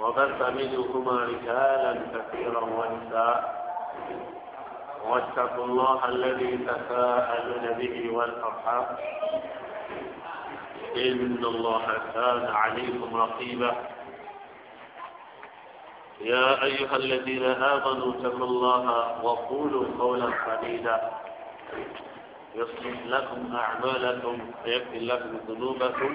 وبث منهما رجالا كثيرا ونساء واتقوا الله الذي تساءلون به والارحام ان الله كان عليكم رقيبا يا ايها الذين امنوا اتقوا الله وقولوا قولا سديدا يصلح لكم اعمالكم ويكفي لكم ذنوبكم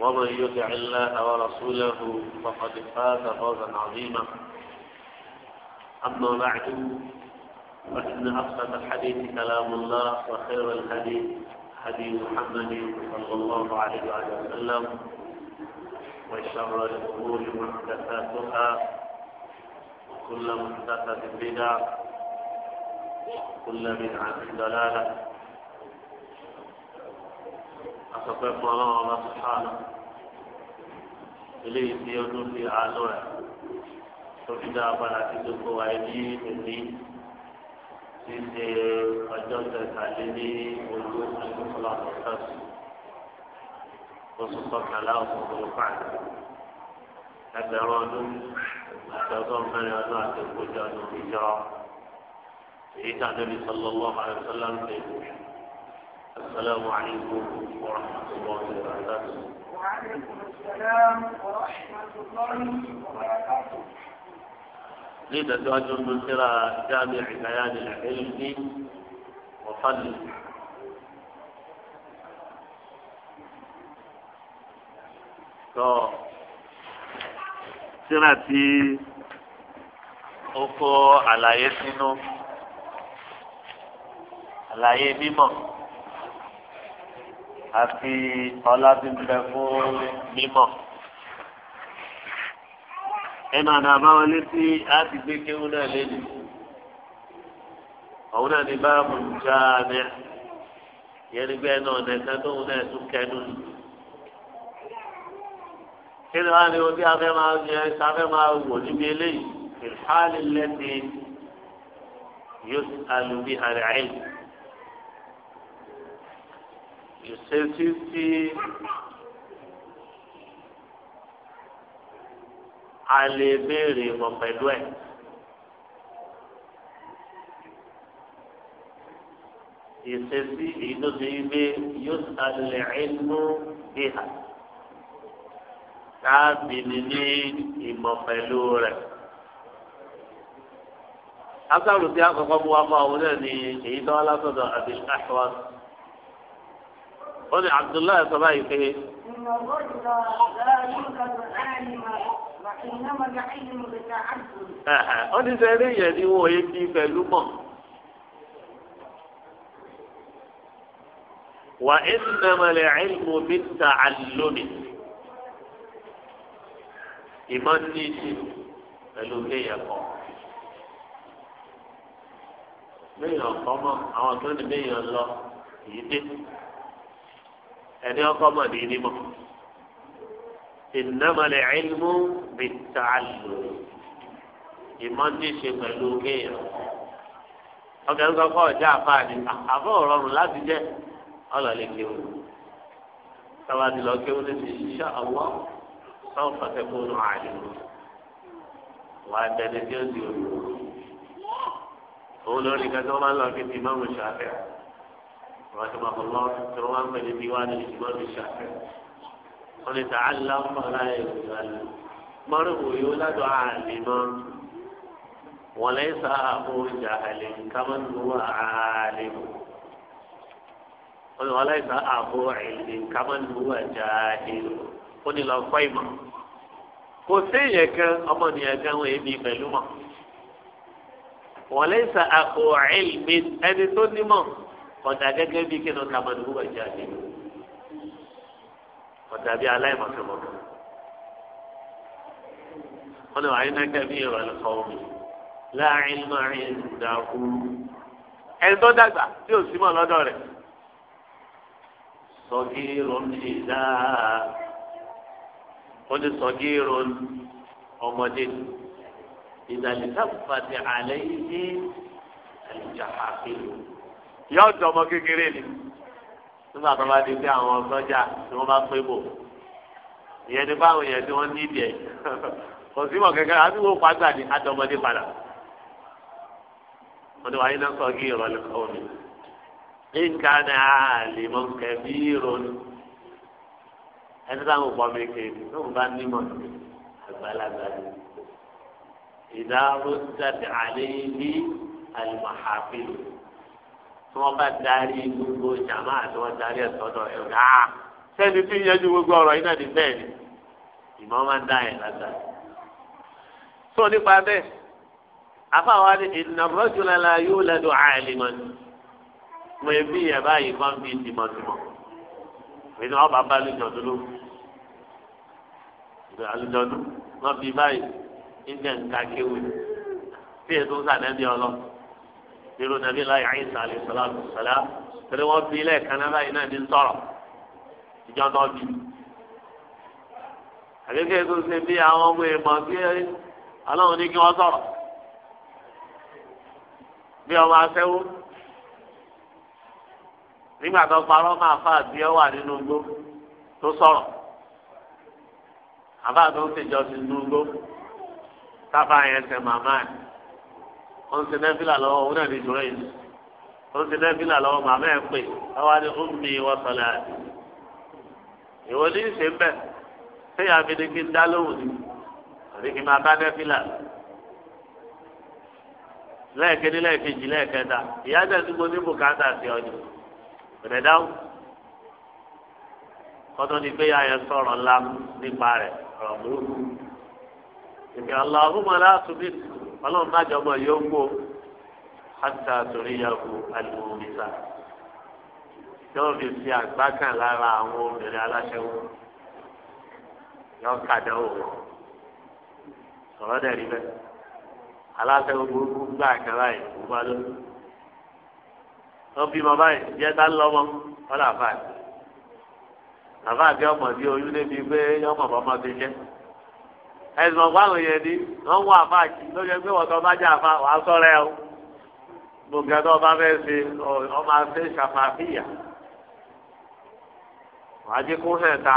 ومن يطع الله ورسوله فقد فاز فوزا عظيما أما بعد فإن أصدق الحديث كلام الله وخير الحديث حديث محمد صلى الله عليه وسلم وشر الأمور محدثاتها وكل محدثة بدعة وكل بدعة ضلالة asọ̀pẹ́ fún ọlọ́run ọba sùhánù eléyìí tí ọdún fi àánú rẹ̀ tó fi dá abala tí gbogbo wa ní èmi ti ṣe ọjọ́ kẹtàlélí ojú ẹgbẹ́fọlá pọ̀tẹ́sì oṣù kọkànlá oṣù kọlùpà ẹgbẹ̀rún ọdún àti ọgọ́rùn mẹ́rin ọdún àti ìkójọ ọdún ìjọ èyí tàbí sọlọ́lọ́ àrẹ sọlá ń السلام عليكم ورحمة الله وبركاته وعليكم السلام ورحمة الله وبركاته لذا تواجه من ترى جامع بيان العلم وفضل tírà tí ó kó àlàyé sínú àlàyé mímọ̀ àti ọlá tí ń bẹ fún mímọ̀. ẹnu àná àbáwọn létí á ti gbé kéwú náà lẹ́nu. òun náà ní báàbù já ní yẹn ní bẹ́ẹ̀ náà nẹ̀ka tóun náà tún kẹnu. kí ni wàá ní ojú afẹ́ máa ń yẹ sáfẹ́ máa wò níbi eléyìí ìfáàlì lẹ́sìn yóò alùbí àrẹ̀ ìṣesí sí a lè béèrè mọ̀ pẹ̀lú ẹ̀. ìṣesí ìlú ti ń gbé yóò sàlẹ̀ ẹnu bíhà káàbìnì ní ìmọ̀ pẹ̀lú rẹ̀. asáàlù tí a kọ́kọ́ mú wa fún àwọn náà ni èyí tó wá látọ̀dọ̀ àbí àṣọ àti ó ní abdullahi sọ báyìí pé. ó ní sẹ́ eré yẹn ni wọ́n yé bí pẹ̀lú mọ̀. wà innama al-ilmu bit-ta'allumi. ìmọ̀ ní ìṣe pẹ̀lú kéèyàn kan. béèyàn kọ́ mọ́ àwọn tó ní béèyàn lọ kì í dé ẹni ọkọ mọ ní nímọ̀ ìnámọlẹ ìlmú bìtàlù ìmọ̀ ní ṣe pẹ̀lú kéèyàn ọkẹ ń kọ́kọ́ ọjà àfáàní àfọ ọrọrùn láti jẹ ọlọlẹ kéwù sábàdì lọ kéwù ní ti ṣiṣẹ ọwọ́ sọọ fàtẹkùnù àdìmú wà á bẹni tí ó di òru òun lórí kẹsàn-án máa ń lọ kí ti máa ń ṣàfihàn. رحمه الله كروان بن ديوان الإمام الشافعي قل يتعلم فلا يسأل مرء يولد عالما وليس أبو جهل كمن هو عالم وليس أبو علم كمن هو جاهل قل لو قيمة kò séèyàn kan ọmọnìyàn kan wọn èmi pẹ̀lú mọ̀ kọjá gẹ́gẹ́ bíi kí ló ka mọ nígbà jẹ àdé kọjá bíi aláìmọ̀tòmọ̀tò wọn lè wà ayé náà kẹbí ìrọ̀lẹ́ kọ́wọ́ mi láàrin márin dàkú ẹni tó dàgbà tí ò sí mọ́ lọ́dọ̀ rẹ̀ sọgírò ní dáa ó ní sọgírò ọmọdé ìdàlítàbùfàtì àlẹ́ yìí ní àlùjáfà fèlò yóò jọ ọmọ kékeré ni nígbà tó bá di pé àwọn sọ́jà ni wọ́n bá pé bò ìyẹn ni báwọn yẹn tí wọ́n ní ìdí ẹ̀ kò sí mọ̀ kẹ́kẹ́ àti wọ́n pa gbà ní adọ́mọdé padà wọ́n ti wáyé náà sọ kí ìrọ̀lẹ́ kọ́ mi nǹkan ní àlè mọ́ kẹ́bí ìrònú ẹni táwọn òpó mi kéde tó ń bá nímọ̀ àgbàlagbà ni ìdá rúdàdì àlè ní àlùmọ̀ àfihàn tí wọ́n bá darí gbogbo jàmá àti wọ́n darí ẹ̀sọ́dọ̀ ẹ̀ ọ̀gá sẹ́ni tí ń yẹjú gbogbo ọ̀rọ̀ yìí náà ní bẹ́ẹ̀ ni ìmọ̀ máa ń dá ẹ̀ lágbà. tó nípa bẹ́ẹ̀ afáwa ni ìnàbọ́júlala yóò lẹ́nu àìlèmọ̀ ni mo ebi yẹn báyìí kan fi tìmọ̀tìmọ̀ ìnà ọba bá lùjọ́dún ló àlùjọ́dún wọ́n fi báyìí ń jẹ́ nǹkan kéwì tí èso sàdẹ́bí ọlọ́run irú nàbí láyé àyíṣà àlè sọlá sọlá torí wọn fi ilé ẹ̀ka náà báyìí náà ní sọ̀rọ̀ ìjọ náà bí. àgbékè tó ṣe bí àwọn ọmọ èèmọ̀ sí ọlọ́run ní kí wọ́n sọ̀rọ̀ bí ọmọ asẹ́wó nígbà tó parọ́ máa fà bí ọ nínú igbó tó sọ̀rọ̀ àbá tó ń ṣèjọ́sìn nínú igbó tábà yẹn tẹ màmá ẹ̀. ó ń ṣe nẹ́fìlà lọ́wọ́ òun náà ní ìjọ rẹ̀ yìí ó ń ṣe nẹ́fìlà lọ́wọ́ màmá ẹ̀ pè káwá ní ó ń mi àti. ìwọ ní ìṣe ń bẹ̀ sẹ́yìn abidigi ń dá lóhùn ni àbí kí n máa bá nẹ́fìlà lẹ́ẹ̀kẹ́ni lẹ́ẹ̀kejì lẹ́ẹ̀kẹta ìyá jẹ́ tí ní bùkátà sí ọjọ́ rẹ̀ dáhùn kọ́tọ́ ni pé ayẹ sọ̀rọ̀ ńlá nípa rẹ̀ ọlọ́run bá jọmọ yóò kó hàtà torí yàgò àlùmọ́mísà tí wọ́n fi fi àgbákàn lára àwọn obìnrin aláṣẹwó yọ kàdá òwò sọ̀rọ̀ dẹ̀ rí bẹ́ẹ̀ aláṣẹwó burúkú gbà kan báyìí kó bá lóyún wọ́n bímọ báyìí jẹ́ tá lọ́mọ wọ́n làbáyé àbá àti ọmọ bíi oyún débi pé ọmọ bàbá ti jẹ́ ẹ̀sùn ọ̀pá àwọn èèyàn ni wọ́n wọ àfa jì lóye pé wọ́n tọ́ bá jẹ́ àfa wàá sọ́rẹ́ o gbogbo ẹ̀ tó bá fẹ́ ṣe ọmọ afẹ́ ṣàfàfíyà wàá jẹ́ kó hẹ̀ ta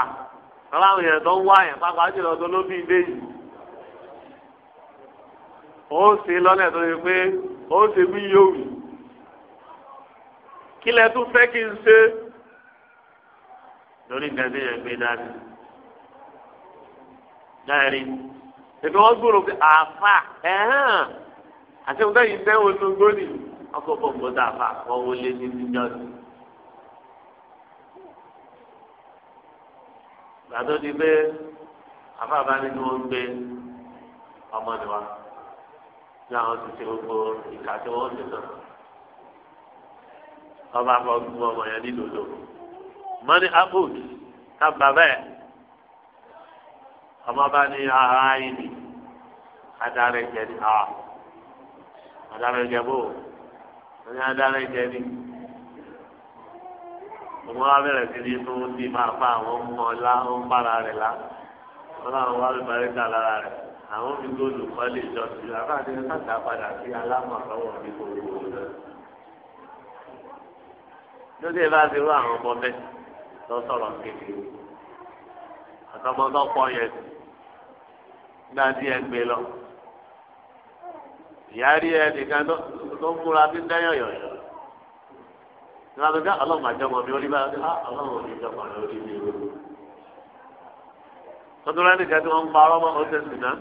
lọ́la àwọn èèyàn tó ń wá yẹn pápá jùlọ tó ló bí ilé yìí ó ṣe lọ́nà tó ṣe pé ó ṣe bí yóò wì kí lẹ tún fẹ́ kí n ṣe lórí gàdé yẹn gbé dání dáhẹ́rì èmi wọn gbòòrò pé àáfà ẹhàn àti ọ̀gá yìí fẹ́ wọn lóńgbò ni ọkọ̀ bọ̀m̀bọ̀ dàfà wọn wọlé ní níjọ́ ni. gbàdọ́ di pé àfààfà nínú wọn gbé ọmọ ni wa ní àwọn ti ṣe gbogbo ìka tí wọn ti sàn ọba kan gbogbo ọmọ yẹn nílòlò mọ́ni abud ká bàbá yẹn ọmọ bá ní ara ah, ah, ẹni adarẹ jẹ ni a ah. adarẹ jẹ bò wọn ní adarẹ jẹ ni ọmọ wa bẹ̀rẹ̀ sí ní tó ti máa fa àwọn ọmọ ọlá ó ń para la wọn làwọn wá lè parí ta lára rẹ̀ àwọn mi tó lù kọ́ lè jọ sí àbá àti ẹ̀ka tà padà sí alámọ̀ mi kò wò ó lọ. lóde bá ti rú àwọn ọmọ bẹ́ẹ̀ lọ sọ̀rọ̀ kékeré àtọmọdọ́pọ̀ yẹn gba ti ẹ gbé lọ ìyáàrí ẹ nìkan tó ń múra bí dáyọyọ yọ ní wọn bẹ ká ah, ọlọ́run àjọmọ mi orí bá ọlọ́run òní ìjọba rẹ orí mi rú tọdún rẹ nìkan tí wọn ń parọ́ mọ́ ọ̀sẹ̀ sì náà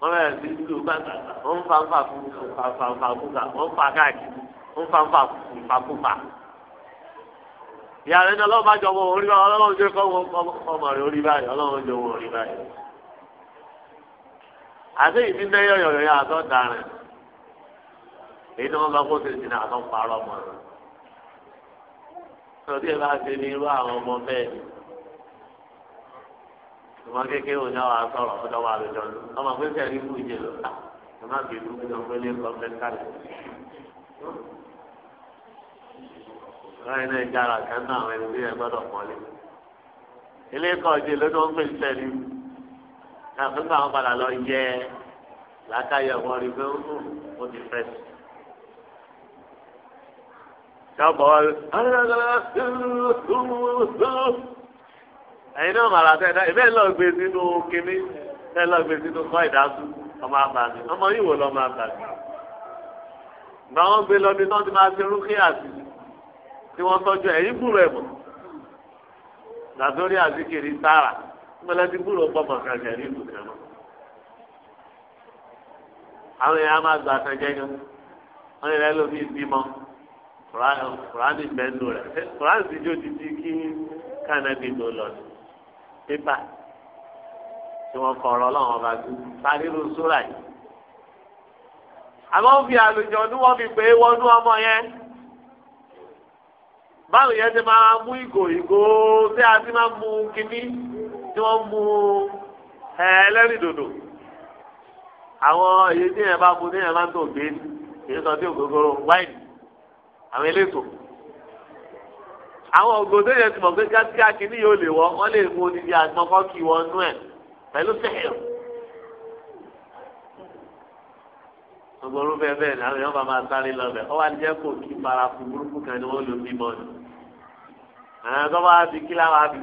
wọn bẹ sí ìlú gbàgbà wọn ń ń fa kúkà wọn ń fa ń fa wọn ń káàkiri wọn ń fa ń fa kúkà ìyá rẹ̀ ní ọlọ́run bá jọ wọn orí báyìí ọlọ́run jẹ́ kọ́ ọmọ rẹ̀ orí báyìí ọlọ́run jọ wọn orí báyìí. àti ìdí ń dẹ́yọ̀ yọ̀yọ̀ yà àtọ́ darẹ̀ èyí tí wọ́n bá kó tètè ní àtọ́ parọ́ ọmọ rẹ̀. sọdí ẹ bá ti ní irú àwọn ọmọ bẹ́ẹ̀ ni ìmọ̀ kékeré òní àwọn asọ̀rọ̀ ọ̀dọ́ wa lọ́jọ́ ọmọ pé sẹ́ẹ̀rí fún ìjẹ́ lọ́ta wọn yẹn náà jára kan náà àwọn ẹni tó yẹ gbọ́dọ̀ mọlé ilé kọjú ló tó ń pè sẹni láti gba àwọn padà lọ yẹ làákàyè wọn rí pé ó ti fẹ́ sí. Yọ̀bọ̀ ẹ̀yin náà màrà tẹ́ ẹ̀dá ìbẹ́ lọ gbé sínú kínní bẹ́ẹ̀ lọ gbé sínú kọ́ ìdásù ọmọ àbàmì ọmọ yìí wò lọ́mọ àbàmì. Gbà wọ́n gbé lọ bí náà ti máa ṣe rúkìá sí i tí wọ́n tọ́jú ẹ̀yìn gbúrò ẹ̀mọ́ làtọ́rí àzíkiri sára mọ́lẹ́ ti gbúrò pọ̀ mọ̀kànjẹ́ ní ìlú kan náà. àwọn èèyàn á máa gba àtẹ̀jẹ́ yẹn wọ́n lè lọ́ bí bímọ kùránì bẹ́ẹ̀nù rẹ̀ kùránì ti jó ti di kí kànáàbì ló lọ sí pépà tí wọ́n kọ̀ ọ̀rọ̀ ọlọ́run ọba sáré ló sóra yìí. àmọ́ fi àlùjọ ní wọ́n fi pé wọ́n ní ọmọ yẹn báwo yẹn ti máa mú ìgò ìgò tí a ti máa mú kínní tí wọ́n mú ẹlẹ́rìí dòdò àwọn èyí tí yẹn bá mu tí yẹn máa ń tó gbé èyí sọ sí ògógóró wáìnì àwọn elétò àwọn ògòdó yẹn ti mọ̀ pé kíákíá kínní yóò lè wọ́ wọ́n lè mú odidi àgbọn kọ́kì wọn nú ẹ̀ pẹ̀lú sẹ́yìn. gbogbo orúfẹ́ bẹ́ẹ̀ ni àwọn èèyàn bá máa sáré lọ bẹ̀ ọ wá jẹ́ kó kí paraku burúkú kan ni wọ́n lò bímọ ni àwọn tó bá di kí láwọn abì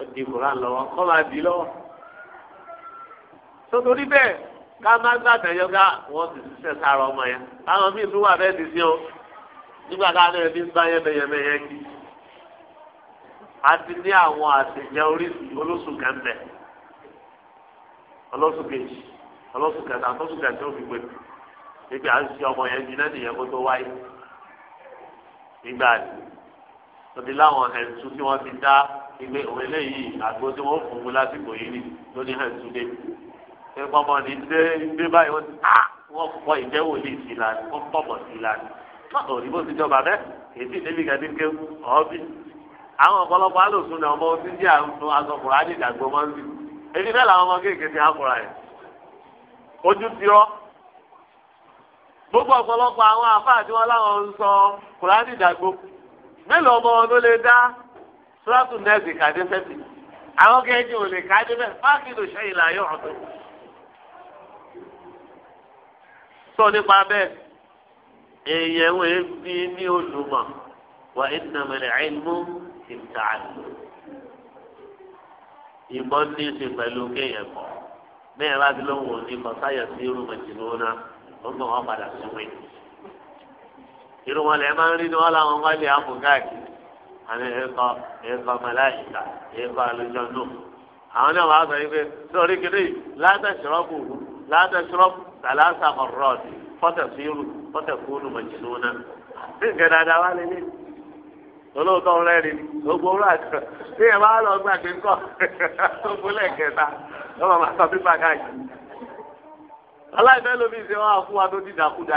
ó di koran lọ́wọ́ kó máa di lọ́wọ́ tó torí bẹ́ẹ̀ ká má gbàtẹ́jọ́ ká wọ́n ti ṣiṣẹ́ sára ọmọ yẹn káwọn míì tún wà bẹ́ẹ̀ ti sí o nígbà káwọn ẹbí ń bá yẹ́mẹyẹ́mẹ yẹn kí a ti ní àwọn àtẹ̀jẹ́ oríṣi olóṣù kẹ́ńbẹ̀ olóṣù kejì olóṣù kẹta olóṣù kẹta ó fi gbé ibi à ń ṣe ọmọ yẹn jiná nìyẹn kó tó wáyé nígbà yìí tòbí láwọn ẹ̀sùn tí wọ́n ti dá ìgbé òun eléyìí àgbo tí wọ́n fún un lásìkò yìí ni lóní ẹ̀sùn dé. ṣé pọ́nmọ́ ni dé dé báyìí wọ́n ti á wọ́n kọ́ ìjẹ́wò lè sí i lánìí wọ́n pọ̀mọ̀ sí i lánìí. ọ̀ ìbò ti jọba bẹ́ẹ̀ èsì débi gàdí ké ọ́bì. àwọn ọ̀pọ̀lọpọ̀ alòsùn náà ọmọ ti jẹ́ àwọn asọ̀kùnrin àdìdàgbò mọ́ sí i. èyí bẹ́ẹ̀ làwọn ọmọ kéèké ti hákùnrin yẹn. ojú ti rọ́ gbogbo ọ̀pọ̀lọpọ̀ àwọn àfáà tí ń sọ kùránì dàgbò mélòó ọmọ wọn ló lè dá sọ́tún nẹ́ẹ̀sì kàdé fẹ́sì àwọn kẹ́hìndì ò lè kàdé fẹ́sì fáàkì ló ṣe ìlà yọ̀ ọ̀tún. sọ nípa bẹ́ẹ̀ èèyàn wo ebi ní olùmọ̀ wà ìnàmìlẹ̀ ẹ̀mú ìtààlù ìmọ̀ ní ṣe pẹ̀lú kéèyàn kọ̀ bẹ́ẹ̀ bá ti lóun ò kọ sáyẹ̀ sí irú mẹ̀tìlónà ó ń bọ̀ wọ́n padà sí wẹ̀yìn irú wọn lẹ máa ń rí ni wọn làwọn máa lè àpò káàkiri àmì ẹ̀kọ́ ẹ̀kọ́ mẹláìkà ẹ̀kọ́ àlùjọ́nù àwọn náà wàá sọ yìí pé sórí kiri látàṣírọ́pù látàṣírọ́pù tàlásà ọ̀rọ̀ọ̀dì fọ́tẹ̀fíìrù fọ́tẹ̀fúnù mọ̀jìlúnà nǹkan dáadáa wá lélẹ̀ olóòótọ́ rẹ́rìn ni gbogbo owó àjọ bí ẹ bá lọ gbàgbé ńkọ́ gbogbo lẹ́ẹ̀kẹta lọ́wọ́ máa sọ pípa káàkiri aláìfẹ́ lómi ṣe wá fún wa tó dídàkúdà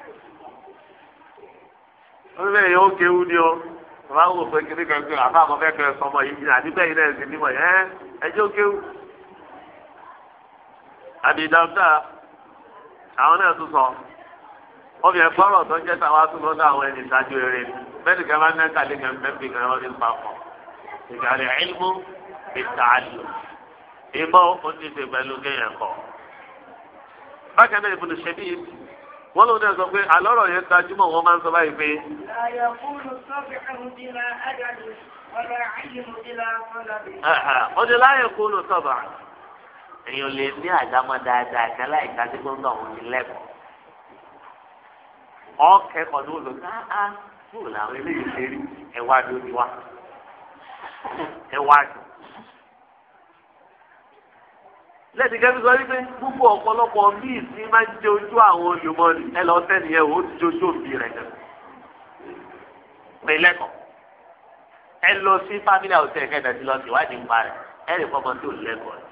orílẹ̀ yóò kéwú ni o bàbá wò pé kíní kan pé àfa àmọ́ fẹ́ẹ́ kẹrẹ sọmọ yìí jìnnà nígbà yìí náà sì nímọ̀ ẹ́ ẹjọ́ kéwú. àbìdàmdà àwọn náà tún sọ wọ́n fi ẹ̀gbọ́n ọ̀rọ̀ tó ń jẹ́ táwa tún lọ́dọ̀ àwọn ẹni ìtajú eré bẹ́ẹ̀ni kan máa ń náà kàlẹ́ kan bẹ́ẹ̀ kan wọ́n ti pa pọ̀ ìgbàlẹ̀ ẹ̀lmú ìtàlù ìmọ̀ ó ti ṣe pẹ̀lú kéèyàn kọ̀. bákan náà ìbùdó ṣe bíi wọ́n ló dé sọ pé àlọ́rọ̀ yẹn gbajúmọ̀ wọ́n máa ń sọ báyìí pé. wọ́n ti láyè kó ló sọ̀bà èèyàn lè ní àdámọ́ dáadáa kan sí gbọ́ngàn òun ti lẹ́kọ̀ọ́. ní olùkọ́ áá fún làwọn eléyìí ṣe rí wa dùn. lẹ́ẹ̀dì kẹ́mi sọ wípé púpọ̀ ọ̀pọ̀lọpọ̀ míì sí máa ń jẹ ojú àwọn olùmọ̀ọ́nì ẹ lọ sẹ́ni yẹn ò ti jojú òbí rẹ̀ jẹ. pẹ̀lẹ́kọ̀ ẹ lọ sí family hotel kẹ́ẹ̀dẹ̀ ti lọ sí ìwádìí ń parẹ́ ẹ lè fọmọ tí ò lẹ́kọ̀ọ́ rẹ̀.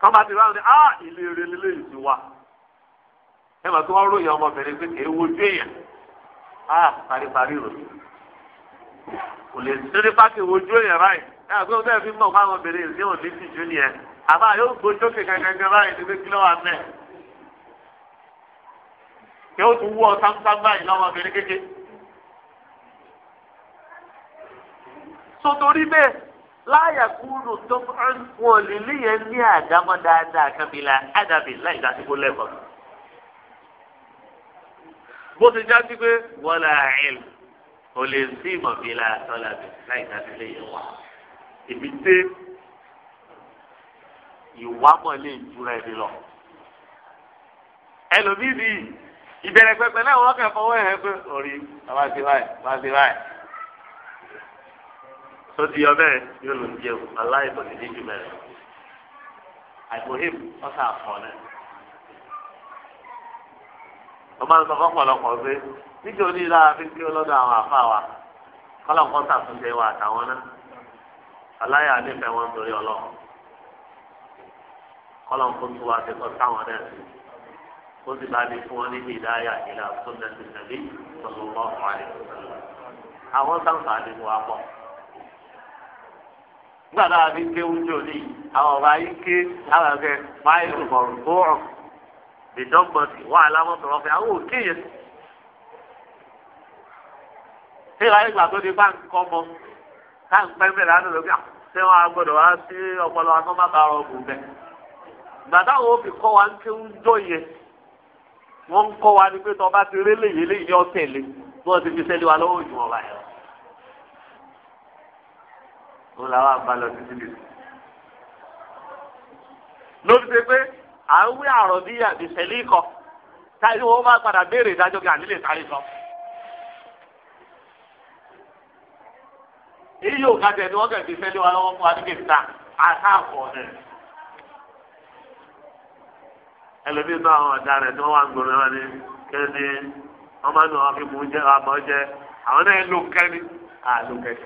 kọ́má ah, ti wáwọn ní á ìlú eré lílé ìsú wa ẹ mọ̀ tí wọ́n ròyìn ọmọbìnrin pé èwo ojú èèyàn á ah, paríparí rò kò lè sí ní pákí ojú èèyàn báyìí ẹ àgbẹ̀ àbá yóò gbójókè kankan báyìí ní bíi kílọ̀ wà mẹ́ yóò tún wú ọ sáńsáń báyìí lọ́wọ́ obìnrin kéke. sotori bẹ́ẹ̀ láyà kúrò tó ń wọ̀ lílé yẹn ní àdámọ́ dáadáa kábílà ádàbí láì dásìkò lẹ́kọ̀ọ́. bó ti já sí pé wọlé àìl kò lè sí ìmọ̀ bíi láàtọ́ làbẹ̀ láì dásìkò lẹ́yìn wá. ìbí tẹ́ ìwámọ̀ lè jura ẹni lọ. ẹlòmíì ni ìbẹ̀rẹ̀ pẹpẹ náà wọ́n kẹ́ fọwọ́ ẹ̀ pé orí bàbá ti báyìí bàbá ti báyìí. tó ti yọ bẹ́ẹ̀ yóò lò ní jẹun aláìbọ̀ ní díjú mẹ́rin. àìmọ̀hìm ọ̀sà àfọ̀ náà. wọ́n máa ń sọ fọ́pọ̀lọpọ̀ pé nítorí lára fi ń gbé ọlọ́dọ̀ àwọn àfa wa kọ́lọ̀ kọ́ta tún jẹ́ wa àtàwọn náà. aláyà kọ́lọ̀ kó tó wá sẹ́kọ̀ọ́ táwọn náà sí kó sì bá mi fún wọn níbi ìdáyà ìlà sọ́dọ̀ sí nàbí sọ̀rọ̀ lọ́wọ́ àlẹ́ àwọn sáǹfààní wa pọ̀ gbàdá àbí kéwú jòlí àwọn ọba yìí ké àwọn akẹ́ máìlì mọ̀rún tó rọ̀ ìdọ́gbọ̀nsì wà lámọ́sọ̀rọ̀ fẹ́ àwọn òkè yẹn. Ìgbà ìgbà tó di bá ń kọ́ mọ ká mẹ́rin á lọ lókè àti ṣé wá sí ọpọlọ bàtà àwọn òbí kọ́ wa ń ké ń jọ yẹn wọ́n ń kọ́ wa ní pé tọ́ bá ti rí léyìí léyìí yọ tẹ̀lé bí wọ́n ti fi sẹ́lẹ̀ wa lọ́wọ́ ìjùmọ̀ báyìí lọ. òun làwọn àbálọ títí lè sùn. lórí ṣe pé à ń wí àròbíyà ìṣẹ̀lẹ̀ ikọ̀ táyé wọn bá padà béèrè ìdájọ́ kí ànílè sáré sọ. èyí yóò ni wọ́n kẹ̀ fi sẹ́lẹ̀ wa lọ́wọ́ fún wa ní kìí ta àtàkùn ẹlòmíín náà àwọn ọ̀daràn tí wọ́n wà ń gbòòrò wọn ni kéde wọ́n máa ń nù wọn fi mú jẹ́ àmọ́ jẹ́ àwọn náà ló kẹ́ni àlò kẹ́ni.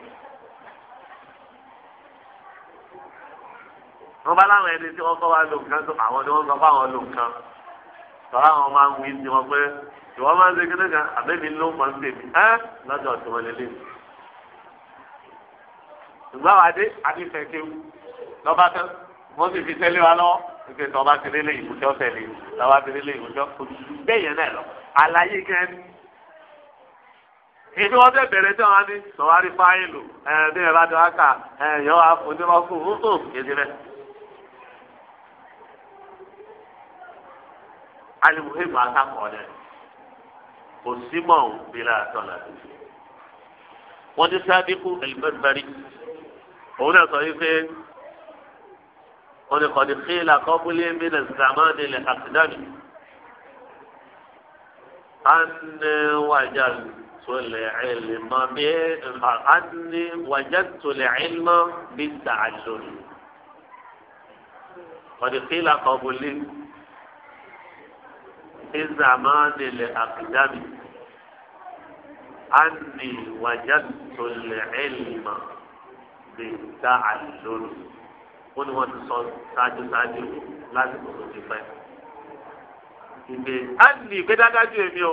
wọ́n bá láwọn ẹni tí wọ́n kọ́ wá lò nǹkan tó àwọn ni wọ́n sọ fáwọn lò nǹkan tọ́lá àwọn máa ń wí sí wọn pé ìwọ́n máa ń ṣe kéde kan àbẹ́mi ló mọ̀ ń tèmi ẹ́ lọ́jọ́ tí wọ́n lè lè. ìgbà wàdé àti fẹ̀kẹ́ lọ́ba tán wọ́n sì fi tẹ́lẹ̀ wa lọ́wọ́ wípé tí wọn bá ti rí lé ìwùjọ tẹ́lẹ̀ làwọn bá ti rí lé ìwùjọ bẹ́ẹ̀ yẹn náà lọ àlàyé gan ni. ìdí wọn bẹ bẹ̀rẹ̀ tí wọn ní sọwárí fáìlù ẹ bí ẹ bá ti wá kà ẹ yọ wá fún ní wọn fún hùhù kéde bẹ. alimuhimu atakọ dẹ kò símọ òbílẹ àtọlà wọn ti sábẹ kú ẹlẹmẹbẹrẹ wọn ni kọ́ni xìlà kọ́bùlé mílẹ̀ zamani lè àtìdáni. anni wàjàtú lè ilmà bí anni wàjàtú lè ilmà bí tàcàlùmí. kọ́ni xìlà kọ́bùlé bí zamani lè àtìdáni. anni wàjàtú lè ilmà bí tàcàlùmí ó ní wọ́n ti sọ ṣáájú ṣáájú lásìkò tó ti pẹ́. ìgbè á lè gbé dájú èmi o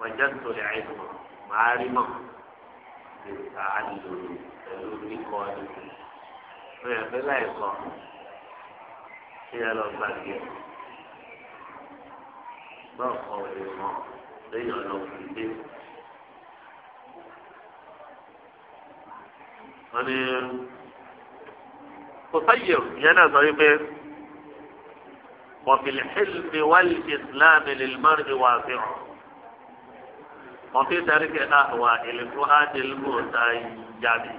wọ́n jẹ́ sórí àìsàn màá rí mọ̀ nípa àlùlò pẹ̀lú kíkọ́ ni. ó yẹ fẹ́ láì kọ́ ẹ lọ gbàgbé báwo kọ́ ọ mọ̀ lẹ́yìn ọ̀nà òkùnrin wọ́n ní. قصير هنا ضيقين طيب إيه؟ وفي الحلم والإسلام للمرء واسع وفي ذلك الأهواء لفؤاد الموتى يعني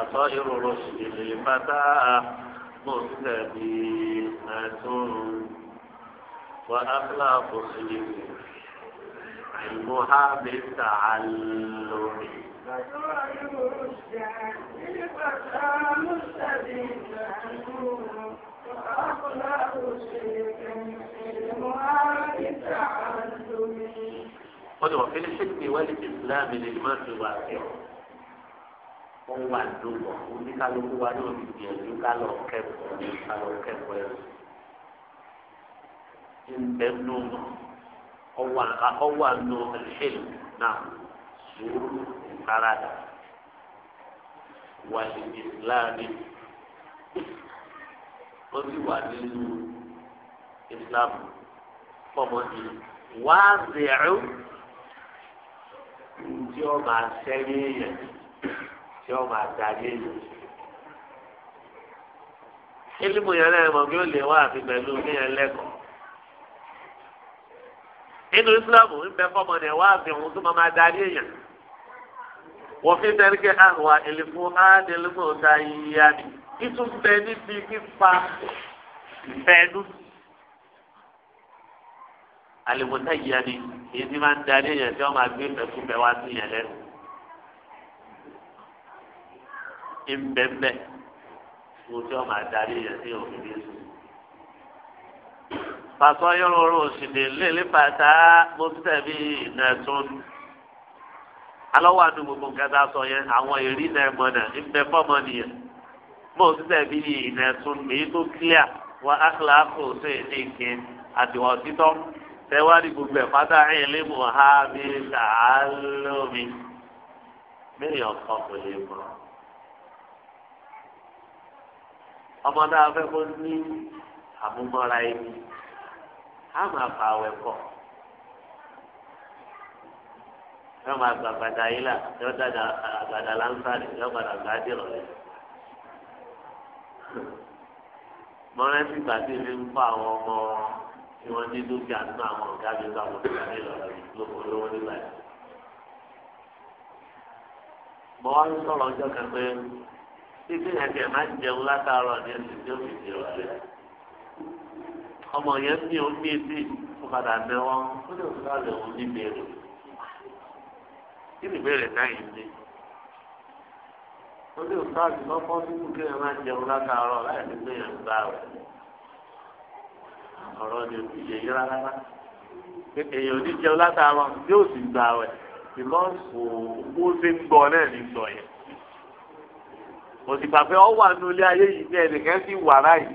أصائر رشد للفتاة مستبيحة وأخلاق السلوك علمها بالتعلم قدوة في الحكم والإسلام للمرء واقع wọ́n wà lóko oníkálukú wa lóko ìgbìyànjú ká lọ kẹ́kọ̀ọ́ ká lọ kẹ́kọ̀ọ́ ẹ̀sìn ìbẹ̀ nù ọwà ọwà nù ẹ̀hìn náà sùúrù ìfaradà wà ní ìsìláàmì ó sì wà nínú ìsìláàmù fọmọdé wá zẹ̀rù tí ó máa sẹ́yìn yẹn tí ó máa darí yẹn ilimu yẹn lẹ́yìn mọ̀ kí ó lè wá àfi pẹ̀lú kí yẹn lẹ́kọ̀ọ́ nínú ìsìlámù ń bẹ fọmọ ní ẹwà àbẹ̀wò tó máa darí èèyàn wọ́n fi dẹ́rẹ́kẹ́ ah, àwa èlìfó ádẹ́lẹ́mọ̀ ọ̀tá yíyá ni ìtún bẹ níbi pípa fẹ́ẹ́nú àlèmọ́tá yíyá ni èyí ti máa ń darí èèyàn tí wọ́n máa gbé fẹ́kúfẹ́ wá sí yẹn lẹ́nu ìmbẹ́mbẹ́ wo tí wọ́n máa darí èèyàn sí òfin yẹn sùn pàtó ayọ́rọ̀rọ̀ òsìlè lélẹ́ bàtà mọ́tẹ́bí nẹ̀tún. alọ́wọ́ àdúgbò gbogbo nǹkan tá a sọ yẹn àwọn èrí náà mọ̀ náà ń bẹ fọ́mọ nìyẹn mọ́tẹ́bí nẹ̀tún èyí tó kílíà wà ákìlá kò sí èdè ìké àdìwọ̀ títọ́ tẹ́wárí gbogbo ẹ̀ pátá ẹ̀yìn lébù ha bí sàálómi mílíọ̀n kan kò lè mọ̀ ọmọdé afẹ́kọ̀ọ́ ní àmúmọ́ra ẹni á máa fa àwẹ̀ pọ̀ yóò máa gba gbàdá yìí là yóò dada àgbàdá lánfààní yóò gbàdá gbàdí rọ̀lẹ́. mọ́rẹ́ ti gbà tí mi ń kọ́ àwọn ọmọ tí wọ́n ní dúkìá nínú àwọn ọ̀gá mi bá wọn gbà ní ìlọrin lóko lówó nígbà yìí. mo wá ń sọ̀rọ̀ ọjọ́ kan pé títí ẹ̀kẹ́ máa ń jẹun látàárọ̀ ní ẹ̀sìn tí ó fi di ìrọ̀lẹ́ ọmọ yẹn ń bí òun bí etí ó padà bẹ wọn ó lè fún àlẹ òun ní ìbéèrè kí ni ìbéèrè náà yìí ní. ó lè fún àlẹ lọ́pọ̀ nínú kí ẹ máa jẹun látàárọ̀ láì ní pé ẹ̀ ń gbà rẹ̀ ọ̀rọ̀ ni òbí yẹ yíra rárá èèyàn ò ní jẹun látàárọ̀ yóò sì gbà rẹ̀ because òkú ó ṣe ń gbọ́ náà ní gbọ̀ yẹn òsì pàfẹ́ ọ wà nínú ayé yìí ní ẹnìkan sì wà ráyìí.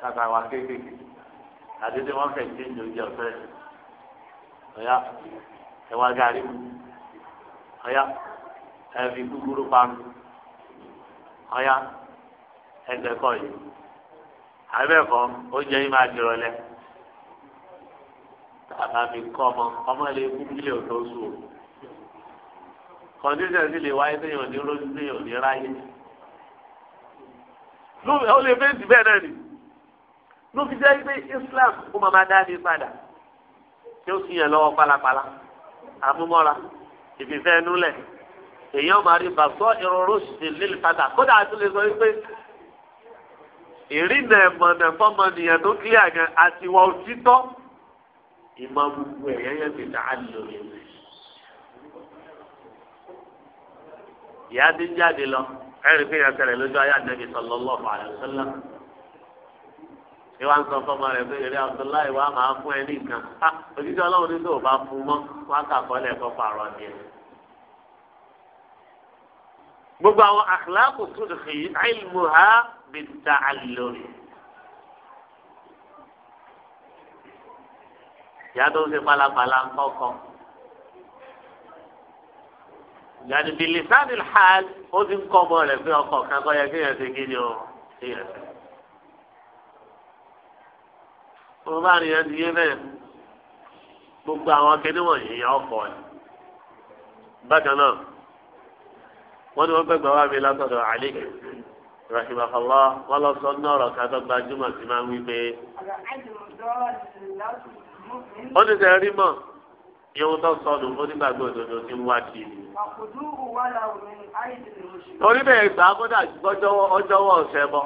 kàkà wà kéékèèké àti tí wọ́n fẹ́ ṣe ń jòjì ọ̀fẹ́ ọ̀yá ẹ̀wà gàrí ọ̀yá ẹ̀fì gbúgbúrú panu ọ̀yá ẹ̀gbẹ́kọ̀ yìí àbẹ̀kọ̀ oúnjẹ yìí máa jùrọ̀ lẹ bàbá kọ́ ọmọ ọmọ ilé ikú kílẹ̀ ò tó o kọ̀ǹdíṣẹ̀ sì lè wáyé téèyàn ní olóṣù téèyàn ní ráyé lóòótọ́ ó lè fẹ́ǹsì bẹ́ẹ̀ náà nìyí ló fi jẹ́ pé Islam ó máa máa dá ní padà tí ó sì yàn lọ́wọ́ pálapàla àmúmọ́ra ìfìfẹ́ núlẹ̀ èèyàn máa rí bàtọ́ ìrọ̀rọ̀ òṣìṣẹ́ lílì padà kódà tó lè sọ wípé ìrìnà ẹ̀mọ̀nà fọmọnìyàn tó kílíà gan àti ìwà òtítọ́ ìmọ̀ gbogbo ẹ̀yẹ́ yẹn ti dá àlùyọ̀ lórí. ìyá ti ń jáde lọ ẹ̀rìn fi hàn sẹ́lẹ̀ lójú ayé àdébí sallallahu alaihi wasallam ìwà ń sọ fọmọ rẹ pé eré abdullahi wa máa fún ẹ nìkan ah, òjijì ọlọ́run ní tó bá fún mọ́ wọn kàkọ́lẹ̀ kọ́ pààrọ̀ ni ẹ. gbogbo àwọn àkàlàkù tùdùkì àìlùmùhà bìtà àlùlórí. ìyá tó ń ṣe pálapàla ń kọ́kọ́. yàtì bìlìsàn ìlhàl ó ti ń kọ́ ọmọ rẹ̀ pé ọkọ̀ kan kọ́ yẹ kéèyàn ṣe kí ni o wọn bá rìn ẹni yé bẹ́ẹ̀ gbogbo àwọn akéde wọ̀nyí yẹn ọkọ̀ ẹ̀ bákan náà wọ́n ní wọ́n gbẹ́gbẹ́ wá mi látọ̀dọ̀ àlè rahimahallá wọ́n lọ sọ nọ́ọ̀rọ̀ kátó gbajúmọ̀ sí máa ń wí pé ó ní sẹ́ rí mọ̀ ìhun tó sọnù ó nígbàgbọ́ òdodo tí ń wá kiri. torí bẹ́ẹ̀ gbà kó dà ọjọ́wọ́ ọ̀sẹ̀ bọ́.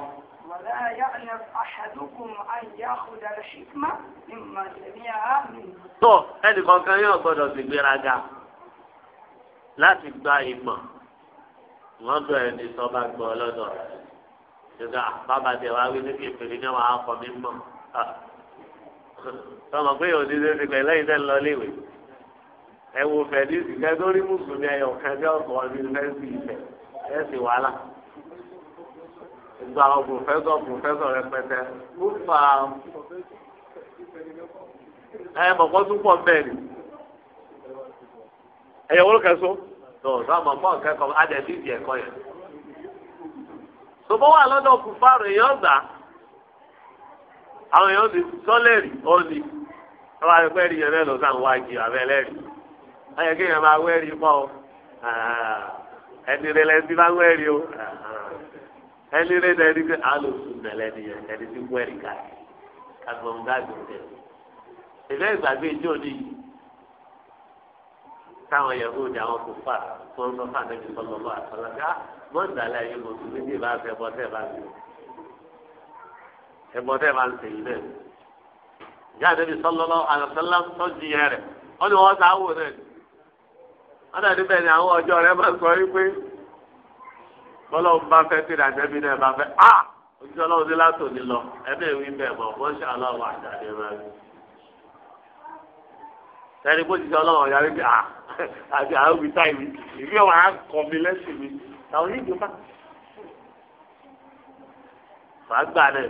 ولا يأنف أحدكم أن يأخذ الحكمة مما سمعها منه. تو، هذه kankan yóò gbọ́dọ̀ sì لا láti gba ìmọ̀ wọn bẹ ẹni tó bá gbọ́ lọ́dọ̀ ṣùgbọ́n ah, bàbá tẹ wá wí ní kékeré ní wàá kọ mí mọ tọmọ ah. pé òní ṣe ti pẹ̀lẹ́ ìṣe ń lọ léwe ẹ wo fẹdí ìsìnkẹ tó rí mùsùlùmí ẹyọ kẹjọ ọkọ ọdún fẹsí ìfẹ́ fẹsí wàhálà. gba ọgùn fẹsọ gùn fẹsọ rẹpẹtẹ ó fà á ẹ mọ̀kọ́ tún pọ̀ bẹ́ẹ̀ ni ẹ̀yẹ wọ́n kẹsọ́ tó sọ àmọ̀ pọ̀ kẹkọ̀ọ́ adẹ̀bí ìdí ẹ̀kọ́ yẹn tòbọ̀ wà lọ́dọ̀ kùfàrọ̀ èèyàn gbà àwọn èèyàn ti sọ́lẹ̀rì òní ọba ẹgbẹ́ rí yẹn lọ ń wá jì abẹ́ lẹ́rì ọyẹ máa wẹ́rì pọ̀ ẹni rẹ lẹ́sìn máa wẹ́rì o. ẹni rẹ náà ẹni pé alòsùn nàlẹ nìyẹn ẹni tí wọ ẹni ká agbọn ìfẹ́ ìgbàgbé ìjọ ni táwọn yahoo ni àwọn kò fà tó ń lọ fà níbi sọlọ lọ àtọlọ ká mọdàlá yìí mo tún níbi ìbá fẹ́ bá ń bá ń yẹn ni sá wò ni àwọn ọjọ́ máa bọ́lá ń bá fẹ́ tí ìdájẹ́bí náà bá fẹ́ a ah! ojú ọlọ́run ní látò ní lọ ẹ̀mí ìwé ń bẹ̀ mọ̀ wọ́n ṣe aláwọ̀ àjáde máa rí. ẹni bó ti sọ ọlọ́run ọ̀yá wípé a ah! àti àwọn òbí táì mi ìwé wa á kọ́ mi lẹ́sìn mi làwọn yìí jọba. fàgbà náà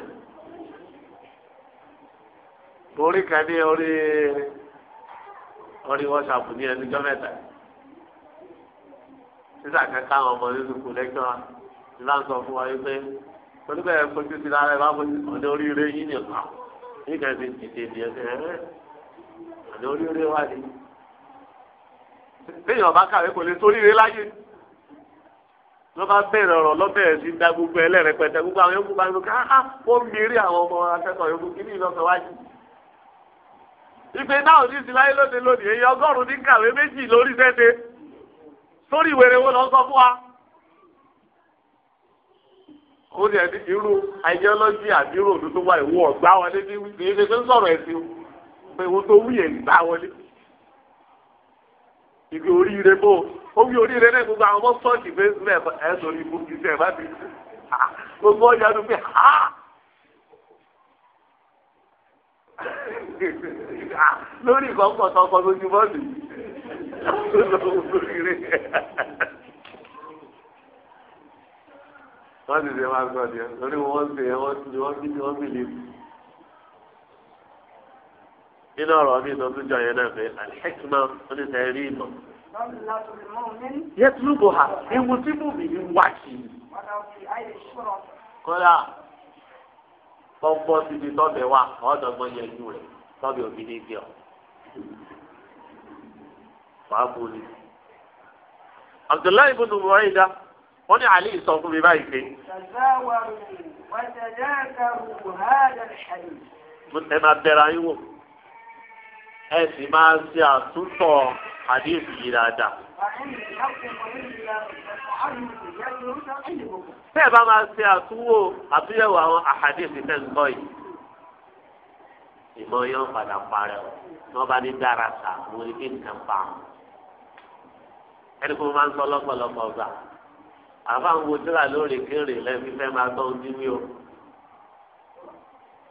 borí kan ní orí orí wọ́ṣàpù ní ẹnu jọ́mẹ́ta sísà kẹta àwọn ọmọ nínú kò lẹ́jọ́ wa ní bá ń sọ fún wa yìí pé olùkọ́ yẹn fojú sí lára ẹ bá fojú ọ̀dẹ oríire yín ni pa ní kẹfì dìde dìde ẹ ẹ ọ̀dẹ oríire wà ní. lẹ́yìn ọba kàwé kò lè sóríire láyé ló bá bẹ̀rẹ̀ ọ̀rọ̀ lọ́bẹ̀rẹ̀ sí da gbogbo ẹlẹ́rẹ̀pẹ̀tẹ̀ gbogbo àwọn yòókù bá ń lò ká á wọ́n mìírí àwọn ọmọ akẹ́kọ̀ọ́ yòókù kí ní ìlọ́sọ̀ wájú. ìpè náà ní sí lóde lónìí èyí ọgọ́rùn-ún ní kàwé méjì lórí sẹ́tẹ̀ẹ́ sórí ìwèrè wo lọ sọ fún wa. ó ní ẹni irú ideology àti irú òdòdó wa ìwọ ọgbà wọlé ní ìwé tó ń sọ̀rọ̀ ẹ̀sìn pé ìwọ tó wúyẹ̀ gbà wọlé. ìgbé oríire bò ó wí oríire náà gbogbo àwọn ọmọ sọ́ọ̀kì fẹ́ẹ́ ẹ̀ sọ̀rọ̀ ìbò kìí sẹ̀ bá ti gbogbo ọjà ló fi hà. lórí ìkọ̀ǹkọ̀ tó kọ lójú bọ́ọ̀lù yìí wọ́n ti ṣe máa sọ díẹ̀ lórí wọ́n ṣe wọ́n ti wọ́n ti wọ́n ti lè. nínú ọ̀rọ̀ mi ló tún jọ yẹn náà pé alhikma oníṣẹ́ rí ìmọ̀. yẹtulúbù ha ewu tí mú mi ní wá sí i. kódà pọ́npọ́n ti di tọ́bẹ̀ wa ọ̀dọ́gbọ́n yẹn ju rẹ̀ tọ́bẹ̀ òbí ní bí ọ màá bú ni. Abdullahi ibn Buraida wọ́n ní Ali sọ fún mi báyìí pé. ẹ máa bẹ̀rẹ̀ ayé wò ẹ sì máa ṣe àtúntọ̀ hadith yìí dáadáa. bẹ́ẹ̀ bá máa ṣe àtúwò àtúnyẹ̀wò àwọn àhadith tẹ̀ ń bọ̀ yìí ìmọ̀ yóò padà parẹ́ o wọ́n bá ní dára sa wọ́n ní kí n kàn pa àwọn ẹni kó máa ń sọ lọ́pọ̀lọpọ̀ gbà àbá ń wo tíra lóòrèkèèrè lẹ́ẹ̀fi fẹ́ máa gbọ́ ohun dín mí o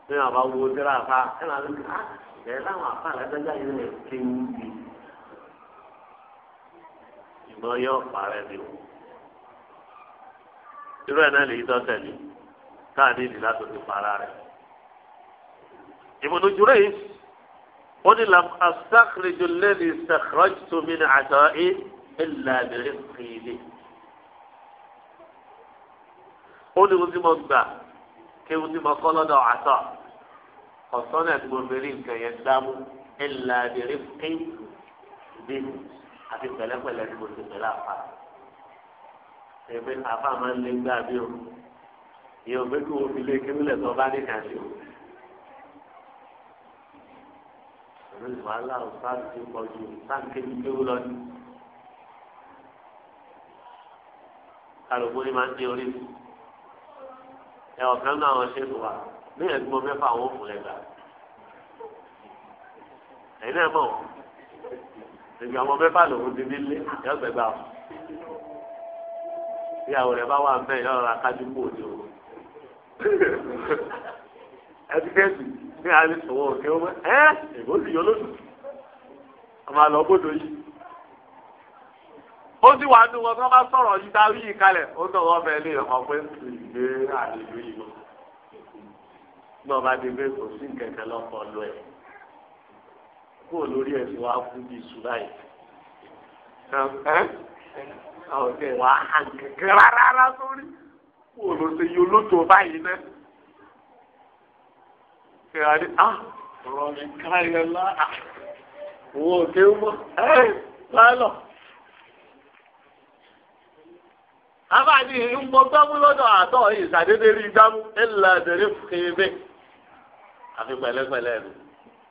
ní àbá wo tíra fa ẹ máa ń ká ah, ẹ láwọn àfa àlágbájá yìí lè kéwú bi ìmọ̀ yóò parẹ́ mi o irú ẹ̀ náà lè yí tọ́tẹ̀lé káàdì ìdí láti fi para rẹ̀ ìbùdó jùlọ yìí wọ́n ní lam asakirijo lẹ́ni sàkírọ́jì tó mi ní àtọ́ yìí ẹ̀là abẹ́rẹ́ kéde. ó ní ohun tí mo gbà kí ohun tí mo kọ́ lọ́dọ̀ àtọ̀ ọ̀sán náà tí mo fi rí nǹkan yẹn dámú ẹ̀là abẹ́rẹ́ kéde àti pẹ̀lẹ́pẹ̀lẹ́ tí mo ti pẹ̀lẹ́ àpá. ẹ̀mí àpá máa ń lé gbà bí o ìyẹn ò fẹ́ kí wọ́n fi lé kí wọ́n lẹ̀ tó bá ní kàṣí o. lórí wàhálà ọ̀sán ti pọ̀ ju sáǹkì ní kéwú lọ́dún. kálukú ní máa ń dé orí mi ẹ ọ̀kan náà àwọn ṣètò wa lóye tí mẹ́fà àwọn òfò rẹ̀ ẹ̀yin náà mọ̀ ìgbà ọmọ mẹ́fà lòún ti nílé yọ̀gbẹ́ gbà ọ́ bí àwọn rẹ̀ bá wà ń bẹ̀ yọ̀rọ̀ akájú kú òde o ẹtikẹ́tì ní alẹ́ sọ̀wọ́ òkè ọmọ ẹ́ èbó sì yọ lóṣù ọmọ àlọ́ yìí ó sì wà nù wọn tó bá sọ̀rọ̀ yìí tá yìí kalẹ̀ ó tọ̀ wọ́n fẹ́ lé ọkọ̀ pé ìgbé àlejò yìí lọ. bí ọba ti kò sí kẹ̀kẹ́ lọ́kọ̀ lọ ẹ̀ kó o lórí ẹ̀ sì wá kú bí ìṣúra yìí. àwọn ọ̀sẹ̀ wà á kẹ̀kẹ́ rárá sórí kó o lọ sí iye olóòtú báyìí náà. kí a ní ah rọ̀mí káyọ̀ lá owó òkè ń ẹ̀ lálọ́. àbáàdì ìmọ gbámú lọ́dọ̀ àtọ ìsàdédé rí gbámú ẹlẹ àdèrè kébé àfi pẹ̀lẹ́pẹ̀lẹ́ rẹ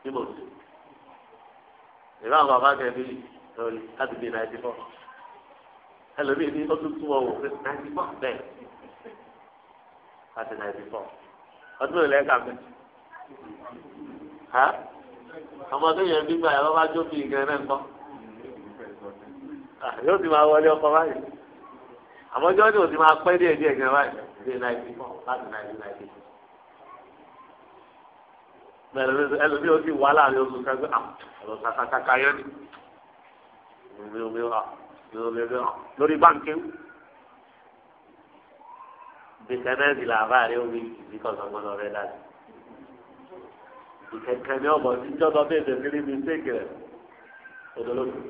bí mo sè ìlú àwọn bàbá kẹbí lórí láti bí náà dìbò ẹlòmíì ní ó tún túwọ wò pé náà dìbò bẹ́ẹ̀ láti náà dìbò ọdún ìlẹ kàmẹ ha ọmọ tó yẹ bí gbà yà bá jó bí ìgbẹ náà ah, yóò ti máa wọlé ọkọ báyìí àmọ́ jọ́ọ́dì ò ti máa pẹ́ díẹ̀ díẹ̀ gan wáyé dé náìtì fún láti náìtì náìtì. bẹ́ẹ̀ ẹlòmí ó sì wá láàrin oṣù kan pé ah, ọ̀rọ̀ kàkàkàkà yẹn ni ah, ah, lórí báńkì bìtẹ́nẹ́ẹ̀sì làbáàrin omi ìdíkọ̀sán gbọ́dọ̀ rẹ̀ dájú. ìkẹ̀kẹ̀ ni ọ̀bọ̀ tíjọ́ lọ bẹ́ẹ̀ tẹ̀sílẹ̀ mi ṣèkìrẹ̀ odolókùn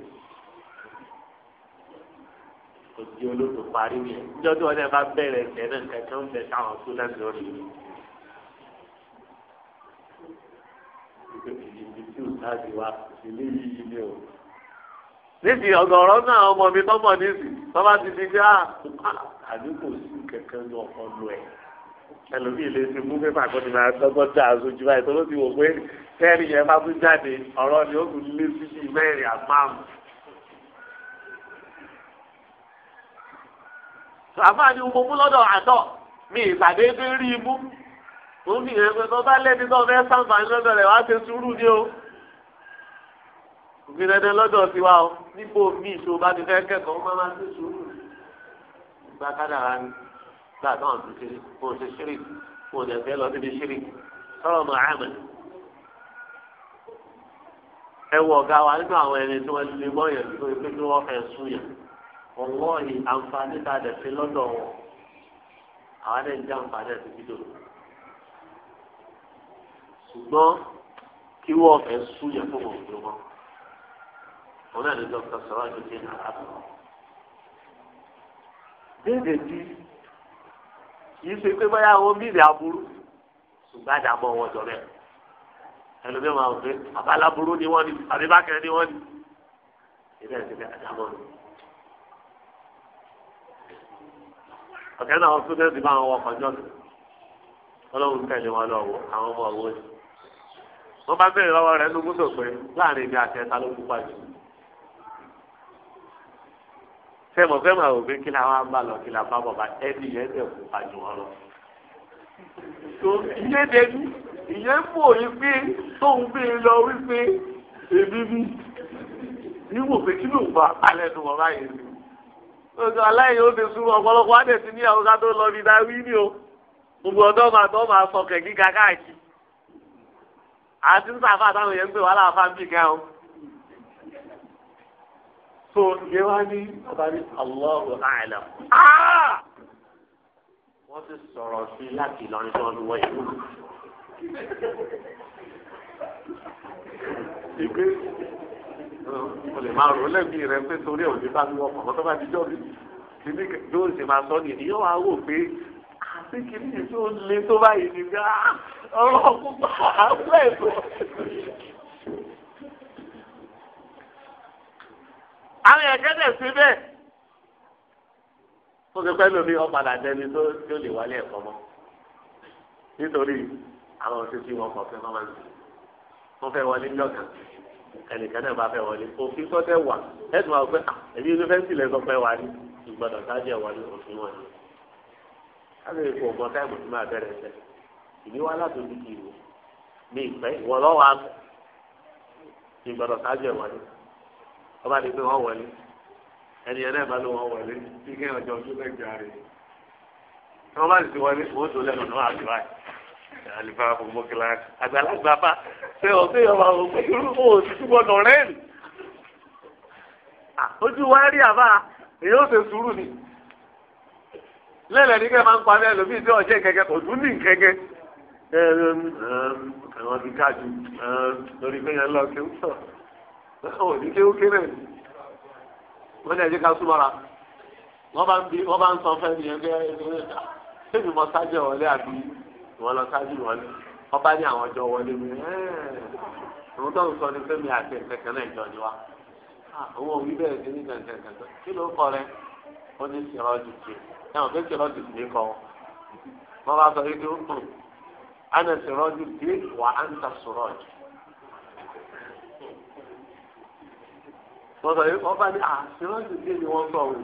kò di olóòtú parí mi níjọ́ tí wọ́n náà bá bẹ̀rẹ̀ ẹ̀sẹ̀ náà kankan ń bẹ táwọn tó náà mi. ìdí ni o. níbi ọ̀gọ̀rọ̀ náà ọmọ mi tọ́mọ̀ nísì tọ́ba ti di bí a àdínkù sí kankan ní ọkọ lu ẹ̀ ẹlòmíì lè ti mú pépà kó ti máa gbọ́gbọ́ dá aṣojú báyìí tó ló ti wò pé kẹ́rin yẹn bá tún jáde ọ̀rọ̀ ni ó tún lé sí àfáàní mo mú lọ́dọ̀ àtọ̀ mi ìpàdé fi rí i mú mo fi hàn pé bọ́bá lẹ́ni náà fẹ́ sàǹfààní lọ́dọ̀ rẹ̀ wá ṣe sùúrù ni o òfin dandan lọ́dọ̀ sí wa o níbo mi ìṣó bá ti fẹ́ kẹ́kọ̀ọ́ máa máa ṣe sùúrù ìgbà kádàrá ni gbà náà ti ṣe kó o ṣe ṣírí kó o dẹ̀ lọ síbi ṣírí sọ̀rọ̀ mọ̀ àmì ẹ wọ ọ̀gá wa nínú àwọn ẹni tí wọ́n ti lè mọ́ yẹn tó yẹ ọlọ́ọ̀ni àǹfààní tá a dẹ̀ fi lọ́dọ̀ wọn àwọn adé ń jẹ́ àǹfààní ẹ̀sìn fídíò ṣùgbọ́n kí wọ́n fẹ́ súyẹ̀ fún wọn òjò wọn wọn náà ní dókítà sọ̀rọ̀ àjọṣe ní àbúrò. déédéé bí kìí ṣe pé báyà wọn bíbí aburú ṣùgbọ́n àdàbọ̀ wọn jọ bẹ́ẹ̀ ẹlòmíràn máa wọ pé àbáláburú ni wọ́n ní àbí bákẹ́rẹ́ ni wọ́n ní ìbẹ̀rẹ̀ sí pé àdàbọ̀ ni. ọ̀kẹ́ náà wọ́n súnlẹ̀ ti bá àwọn ọkọ̀ jọ sí ọlọ́run tẹ̀lé wọn lọ́wọ́ àwọn ọmọ ọwọ́ yìí wọ́n bá bẹ̀rẹ̀ lọ́wọ́ rẹ̀ ní gbọ́dọ̀ pé láàrin ibi àti ẹ̀ta ló pupa jù fẹ́mọ̀ fẹ́mọ̀ àwọn òbí kí làwọn bá lọ kí làwọn bá bọ̀ bá ẹni yẹn tẹ̀ pupa jù wọn lọ. ìyẹn dẹbi ìyẹn fò yí pé tóun gbé e lọ wípé èmi mi níwò pé kí ló ń gba alẹ́ nu wọn báyìí oṣù aláìyé ó ti sú ọ̀pọ̀lọpọ̀ á dẹ̀sí níyàwó ká tó lọ bí dá ni o gbogbo ọ̀dọ́ máa tọ́ máa sọ kẹ̀kí káàkiri àti nísàfà táwọn yẹn ń pè wàhálà fáńbì gan o. so ìyẹn wá ní abáyé Allahu a'lam. Ah! wọ́n ti sọ̀rọ̀ sí láti Ìlọrin tí wọ́n fi wọ ìlú. ìgbésí o lè máa rò lẹ́gbẹ̀ẹ́ rẹ pé torí òní bá mi wọkọ̀ ọ̀tọ́ bá ti jọ́ mi kìíní yóò sì máa sọ nìyí yóò wá wò pé àti kìíní tó le tó báyìí ni gá ọ̀rọ̀ púpọ̀ àwọn ẹ̀kọ́. àwọn ẹ̀kẹ́ dẹ̀ sí bẹ́ẹ̀ tó ti pẹ́ lómi ọ̀padà dẹni tó yóò lè wálé ẹ̀kọ́ mọ́ nítorí àwọn òṣìṣẹ́ wọn kọ̀ fẹ́ máa ń sè wọ́n fẹ́ wọlé ní ẹnìkan náà bá fẹ́ wọlé òfin tó tẹ wà ẹ̀sùn àwọn pé ẹ̀mí yunifásitì lẹ́sọ̀ pé wà ní ìgbọ́dọ̀ sáájú ẹ̀wà ní òfin wọn ni. káfíń ìfọ̀ ọgbọ́n táìmù tí máa bẹ̀rẹ̀ ẹsẹ̀ ìní wá látò ní kiri o ní ìpẹ́ ìwọ lọ́wọ́ àgbẹ̀ ìgbọ́dọ̀ sáájú ẹ̀wà ní. ọba ní pé wọ́n wọlé ẹni ẹ̀rẹ́ bá ló wọ́n wọlé kíkẹ́ ọjọ́ ojú lẹ́gbẹ̀ẹ́ rẹ̀ alifáàfù mọ́kìláàsì àgbàlagbà bá ṣe ọ̀sẹ̀ yọba òpin irú òsì tí wọ́n nọ̀rẹ́ nì. ojú wa rí àbá èyí ó ṣe sùúrù ni lẹ́lẹ̀ ní kẹ́ máa ń parí ẹlòmíì tí ọ̀jẹ̀ kẹ̀kẹ́ kò tún ní kẹ̀kẹ́ àwọn ti káàdì lórí pé yẹn lọ kí ń sọ ọ̀ ní kí ó kéré wọ́n ní ẹ̀jẹ̀ ká súnmọ́ra wọ́n bá ń sọ fẹ́ nìyẹn bẹ́ẹ̀ ṣé ìmọ̀ sájẹ̀ wọlé àbí ìwọ lọ ṣáájú wọlé ọba ní àwọn ọjọ́ wọlé mi òun tó ń sọ ni pé àti ẹ̀kẹ́kẹ́ náà jọ ni wa ah, òun ò wí sí ní kẹ̀kẹ́kẹ́ kí ló kọ rẹ ó ní sìrọ́ọ̀dù tì ẹ̀wọ̀n pé sìrọ́ọ̀dù tì kọ́ wọ́n bá sọ wípé ó kùn ana sìrọ́ọ̀dù tì wà á ń ta sìrọ́ọ̀dù. wọ́n sọ wípé ọba ní à ah, sìrọ́ọ̀dù tì ni wọ́n sọ òun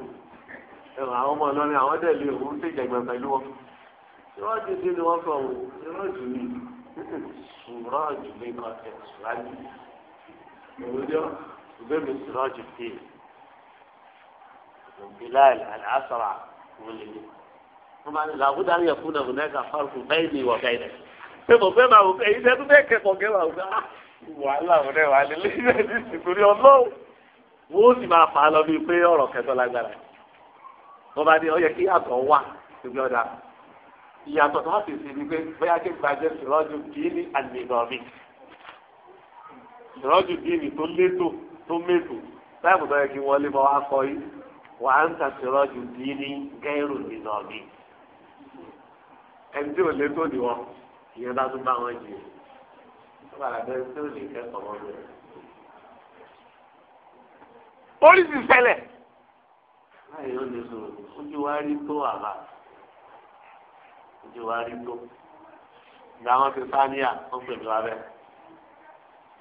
ẹ̀wọ̀n àwọn ọmọ ọlọ́rin àwọn dẹ̀ lé òun ṣèjẹ̀gbẹ̀ pẹ̀lú wọn sùrọ́ọ̀jù sí ni wọ́n fọ̀ wò sùrọ́ọ̀jù mi sùrọ́ọ̀jù mi kan tẹ̀ sùrọ́ọ̀jù òwúrọ̀ ìgbé mi sùrọ́ọ̀jù tè bilal alasara wọlé wọn bá ní làbúdà yẹ fún náà fún ẹka fárúkú bẹ́ẹ̀ ni ìwà bẹ́ẹ̀ dẹ pé mo fẹ́ máa wò pé èyí sẹ́kú bẹ́ẹ̀ kẹ́kọ̀ọ́ kẹ́ máa wò pé ah, wàhálà wọn ẹ̀ wà ní lẹ́yìn ẹ̀ wọ́n sì máa fà á lọ bíi pé ọ̀rọ̀ kẹtọ́ lágbára wọ́n bá ọ yẹ kí àtọ̀ wà síbi ọ̀dà ìyàtọ̀ tó wọ́n ti sì ni pé bóyá kí n gbàjẹ́ sìrọ́jù díìnì àlèdọ̀mí sìrọ́jù díìnì tó létò tó mẹ́tò táìmù tó yẹ kí wọ́n lé mọ́ wá kọ́ yìí wà á ń ta sìrọ́jù díìnì gẹ́rù nìdọ̀mí ẹni tí ò létò ni wọn ìyẹn bá tún bá wọn jì í oríṣi ṣẹlẹ̀. báyìí ó lè sọ̀rọ̀ ojú wa rí tó àbá ojú wa rí tó ìgbà wọn fi sáníà wọn pè mí wá bẹ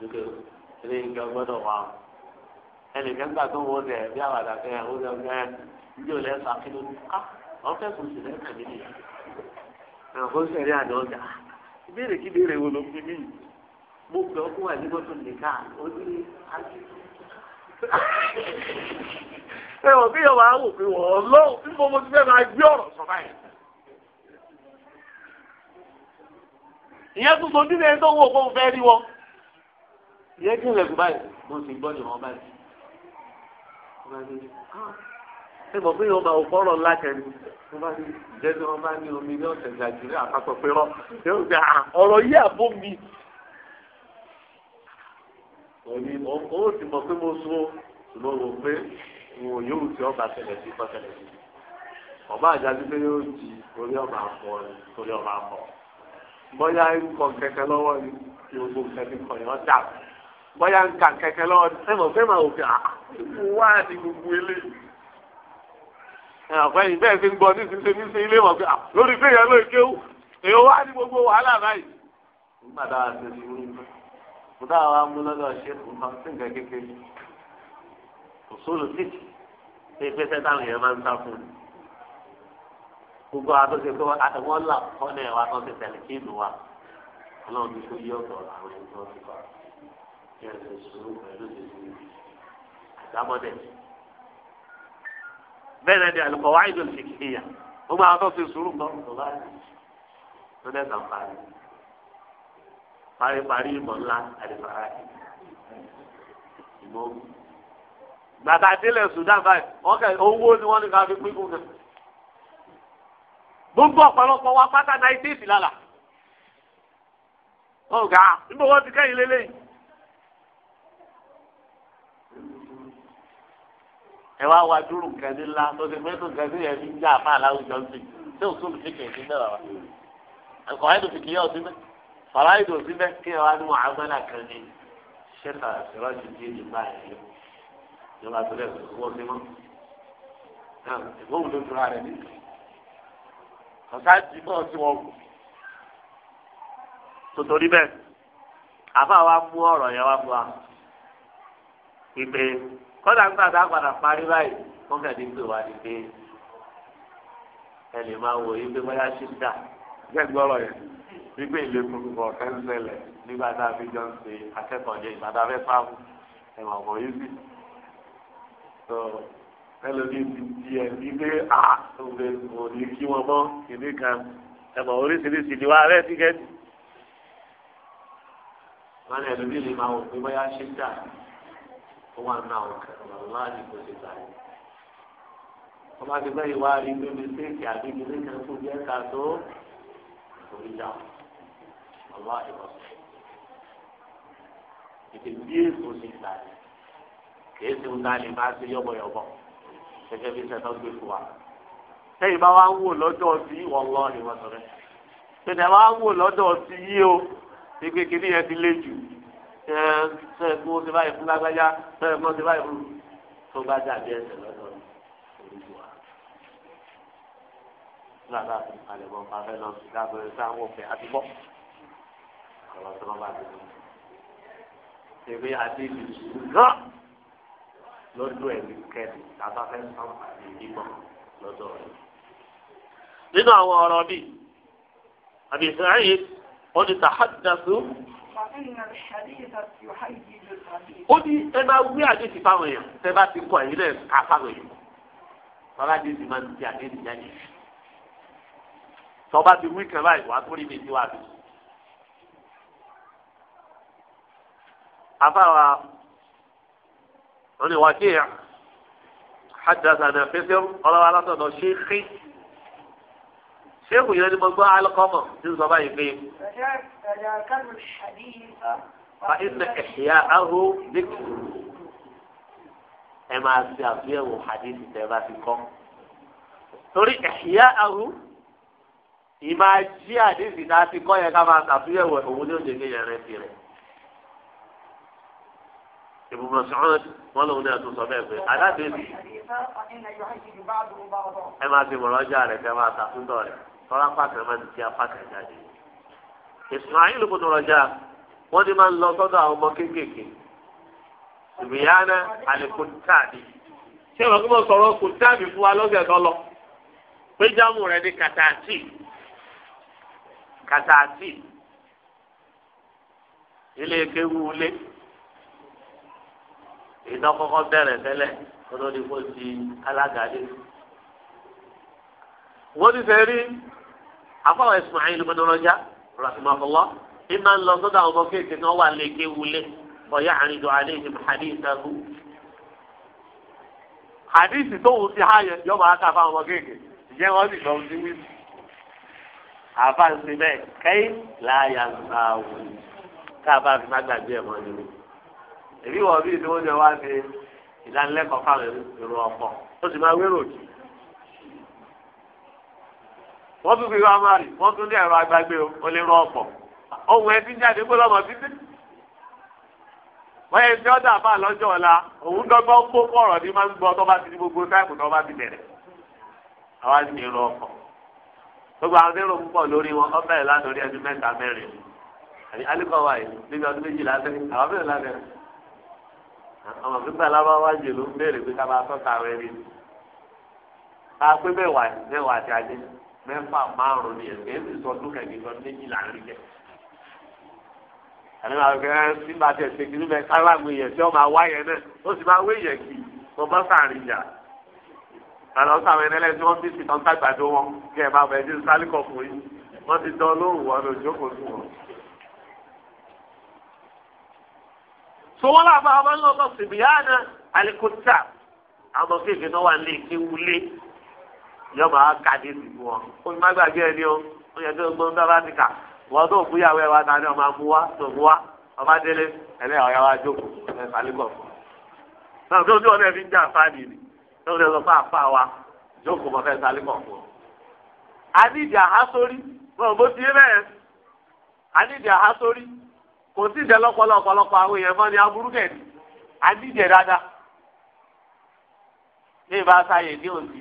dùkẹ́ ilé ìjọ gbọ́dọ̀ wà ó ẹnìkan gbà tó wọ́n tẹ̀ bí àwàdà kẹ́ ẹ̀ ó lọ gbẹ́ ilé ò lẹ́sà kí ló ní ká ah, wọ́n fẹ́ kùn sí lẹ́sà mi nìyẹn àwọn kò sẹ̀rí àná ọjà ìbéèrè kí béèrè wo ló fi mí mo pè ọ́ kó wà ní mọ́tò nìkan ó ní àti ẹ wọ bí yọwọ àwọn òfin wọ ọ lọ bí mo mo ti fẹ́ máa gbé ọ̀rọ̀ sọ báyìí. ìyẹn tún sojú lẹ́yìn tó wò kó fẹ́ rí wọn. ìyẹn kí n lẹ̀kùn báyìí mo sì gbọ́ ìwọ̀n báyìí. ṣé mo fi ọmọ òkọ́rọ̀ ńlá kẹ́ni mo bá ní jẹ́ tí wọ́n bá ní omi ní ọ̀sẹ̀ nàìjíríà àpapọ̀ pé rọ́ yóò gbé ah, ọ̀rọ̀ yìí àbó mi. òní ó sì mọ̀ pé mo sún ṣùgbọ́n mo pé wọn yóò ti ọba tẹ̀lẹ̀ sí kọ́tẹ̀lẹ̀ sí ọba àjáde pé yóò di orí ọba àpọ̀ torí ọba àpọ̀ bóyá ń kọ kẹ̀kẹ́ lọ́wọ́ ni gbogbo kẹ̀kẹ́ kọ yọ dà bóyá ń ka kẹ̀kẹ́ lọ́wọ́ ni ẹmọ fẹ́ máa òkè àkókò ah, wá ní gbogbo ilé ẹnìkan yìí bẹ́ẹ̀ ti ń gbọ́ nísinsìnyí nísinsìnyí ilé mọ̀ pé ah, lórí pé yẹn ló èyí wá ní gbogbo wàhálà báyìí. nígbà táwa ṣe ní irú nǹkan mo dáa wa mú ṣe nǹkan sí nǹkan kékeré kò sóòlù títì pé pé yẹn máa ń sá fún mi gbogbo àtúnṣe pé wọn là kọ́lẹ̀ wa tó ti tẹ̀lé kí ìlú wa ọlọ́run ti kó yí ọ̀dọ̀ àwọn ẹni tó ti kọ́ kí ẹ ti sùúrù pẹ̀lú ti sùúrù àdámọ́dẹ̀. bẹ́ẹ̀ náà ni àlùkò wáyé ló ti kí ìyà gbogbo àwọn tó ti sùúrù gbọ́ tó bá yẹ tó dẹ́ sàn parí paríparí ìmọ̀ ńlá àdìfàrà ìmọ̀ gbàtà délẹ̀ Sudan báyìí owó ni wọ́n ní ká fi pín kún náà gbogbo ọ̀pọ̀lọpọ̀ wa pátá náítẹ́ẹ̀tì lálà ọ̀gá níbo wọ́n ti kẹ́yìn lélẹ́yìn. ẹ wá wá dúró nǹkan ní ńlá tó ti mẹ́tò nǹkan sí ẹ̀mí ń já àfa aláwùjọ sí tí òtún mi kékeré sí mẹ́wàá wa ẹ̀kọ́ ẹ̀dùn fi kìí ọ̀sìn mẹ́ fàrà ìdò sí mẹ́ kí ẹ wá ní wọn àgbẹ̀là kan ní ṣẹ́ta ìrọ́jì díẹ̀ ní báyìí ìjọba ọ̀sá jì náà tí wọ́n wù. tòtòrí bẹ́ẹ̀ àfa wa mú ọ̀rọ̀ yẹn wá fún wa. ìpè kọ́dà nígbà tá a padà parí báyìí wọ́n kàn ní pé wá ní pé ẹ lè máa wò yí pé bóyá ṣì ń dà gbẹ́gbẹ́ ọ̀rọ̀ yẹn wípé ìlú kúrúkú ọ̀kẹ́ ń ṣẹlẹ̀ nígbà tá a fi jọ ń ṣe akẹ́kọ̀ọ́ jẹ ìgbàdá fáwọn ẹ̀wọ̀n kò yí sí ẹlòmíì ti di ẹ nílé à òde òní kí wọn mọ ìdí kan ẹmọ oríṣiríṣi ni wà rẹ tíkẹ́tì. wọn ní ẹlòmíì lè máa wò pé bóyá ṣe dà ó wà ní àwọn kan lọ́wọ́ àti kò ṣe dà yìí. wọ́n bá ti gbẹ́ ìwà rí pé mistake àbí ìdílé kan kò jẹ́ ká tó òbí dà ọ̀la ìwọ̀sùn. ìdí èso ṣe dà yìí kì í ṣe ń dá lè máa ṣe yọ̀bọ̀yọ̀bọ̀ gẹ́gẹ́ bí sẹ́tọ́ gbé fún wa. sẹ́yìn bá wá ń wò lọ́dọ̀ sí wọ́lọ́ ni wọ́n sọ rẹ̀. sẹ́yìn bá ń wò lọ́dọ̀ sí yí o pé kíní yẹn ti lé jù sẹ́yìn kó ti báyìí fún lágbájá sẹ́yìn kó ti báyìí fún tó bá dàbí ẹsẹ̀ lọ́dọ̀ olùdùwà. nígbà tá a fi kalẹ̀ bọ́ fún afẹ́ lọ sí lábẹ́rẹ́ sáwọn òfin àti bọ́ ọ̀rọ̀ tó lọ́ bá ti lọ. ṣèwé àti ìlú náà lọ́dọ̀ ẹ̀mí kẹ́ni tàbá fẹ́ sàǹfààní mímọ́ lọ́dọ̀ rẹ̀. nínú àwọn ọ̀rọ̀ bíi àbí Sa'id ó ní tàhádàsó. ó ní ẹ máa wí àdéhùn fáwọn èèyàn tẹ bá ti kọ ẹ̀yìn náà ká fáwọn èèyàn bàbá dé ti máa ń ti àdéhùn jáde tọ́ba ti wí kan báyìí wàá tó rí mi níwájú. afáwa wọ́n ní wàkíyà hadathana fẹsẹ̀ ọlọ́wọ́ alátọ̀nà ṣéèkì ṣéèkù yẹn ni mo gbọ́ alikọ́mọ̀ tí n sọ báyìí pé. فإن إحياءه ذكر ẹ máa ṣe àtúnyẹ̀wò hadithi tẹ́ ẹ bá ti kọ́. torí ẹ̀yà ahu ìmáa jí hadithi tá a ti kọ́ yẹn ká máa ṣàtúnyẹ̀wò òun ní òjèké yẹn rẹ̀ tirẹ̀. Ibn Mas'ud wọn lòun náà tún sọ bẹ́ẹ̀ pé aládèébi ẹ máa fi mọ̀rọ́jà rẹ̀ fẹ́ máa tàkúndọ̀ rẹ̀ tọ́lá pàtẹ́ máa ti di apákẹ́ jáde. Ismail kò tó rọjà wọ́n ti máa ń lọ sọ́dọ̀ àwọn ọmọ kéékèèké ìbíyànà àlèkùntàdì ṣé ìwà kí mo sọ̀rọ̀ kùntàdì fún wa lọ́sẹ̀ tó pé jámù rẹ̀ ní kàtàtì kàtàtì ilé kéwu ilé ìdọ́kọ́kọ́ bẹ̀rẹ̀ tẹ́lẹ̀ olórí kò di alágàdé. wọ́n ti fẹ́ rí afọwọ́ Ismail ibn Raja rahimahullah ìmọ̀ ń lọ sọ́dọ̀ àwọn ọmọ kéèké náà wà léke wulé bọ̀yá àrídọ̀ àléhìn hadithahu. hadithi tóun ti háyẹ yọ máa ká fáwọn ọmọ kéèké ìjẹ́ wọ́n sì gbọ́n sí wíìsì. àfa ń sin bẹ́ẹ̀ kẹ́yìn láàyà ń sa òun èmi wọ̀ bí ìdíwọ́ jẹ wá sí ìdánilẹ́kọ̀ọ́ fáwọn èrò ọ̀pọ̀ ó sì máa wérò jù. wọ́n tún fi wá máa rì wọ́n tún ní ẹ̀rọ agbágbé ohun ẹ ti ń jáde lọ́mọ títí. wọ́n yẹ ti ọ́dà fà lọ́jọ́ ọ̀la òun dọ́gbọ́n kó ní máa ń gbọ́ ti gbogbo táìpù ọ bẹ̀rẹ̀ láti orí ẹni mẹ́ta mẹ́rin àbí yìí níbi ọdún méjìlá sẹ́yìn àwọn àgbẹ̀gbẹ̀ aláwáwá jù ló ń béèrè pé ká máa tọ́ka rẹ rí i. a pé mẹ́wàá mẹ́wàá àti ajé mẹ́fà márùn-ún ni ẹ̀sìn èsì sọdún kẹ̀kẹ́ sọdún méjìlá rí jẹ. àní máa fẹ́ nígbà tí ẹ̀sìn kìíní bẹ ká láàmú yẹn tí ó máa wá yẹn náà ó sì máa wé yẹn kì mo bá sàárín jà. àlọ́ sàwọn ẹni ẹlẹ́sìn wọ́n ti fi tán tàgbàdo wọn kí ẹ máa bẹ̀ẹ́ tọwọ́ làbá ọba ń lọ sọ sìbìyàna àwọn kéèké náà wà ní wulé yọ máa ka dé ìdìbò wọn ó ní má gbàgbé ẹni o ó yẹ kí o gbọ́n dábàá ti kà wọ́n tó fúyàwó ẹ̀ ta ni ọmọ tó délé wa jókòó fún un. náà tó ní ọ̀nà ń jà ni tó ní wa jókòó mọ̀ fẹ́ fún un. àhásórí wọn ò bó ti yé bẹ́ẹ̀ àhásórí kò sí ìjẹ lọ́pọ̀lọ́ ọ̀pọ̀lọpọ̀ àwọn èèyàn mọ́ ni aburú kẹ̀ ní àdíjẹ dáadáa ní ìbá sáyè ní òsì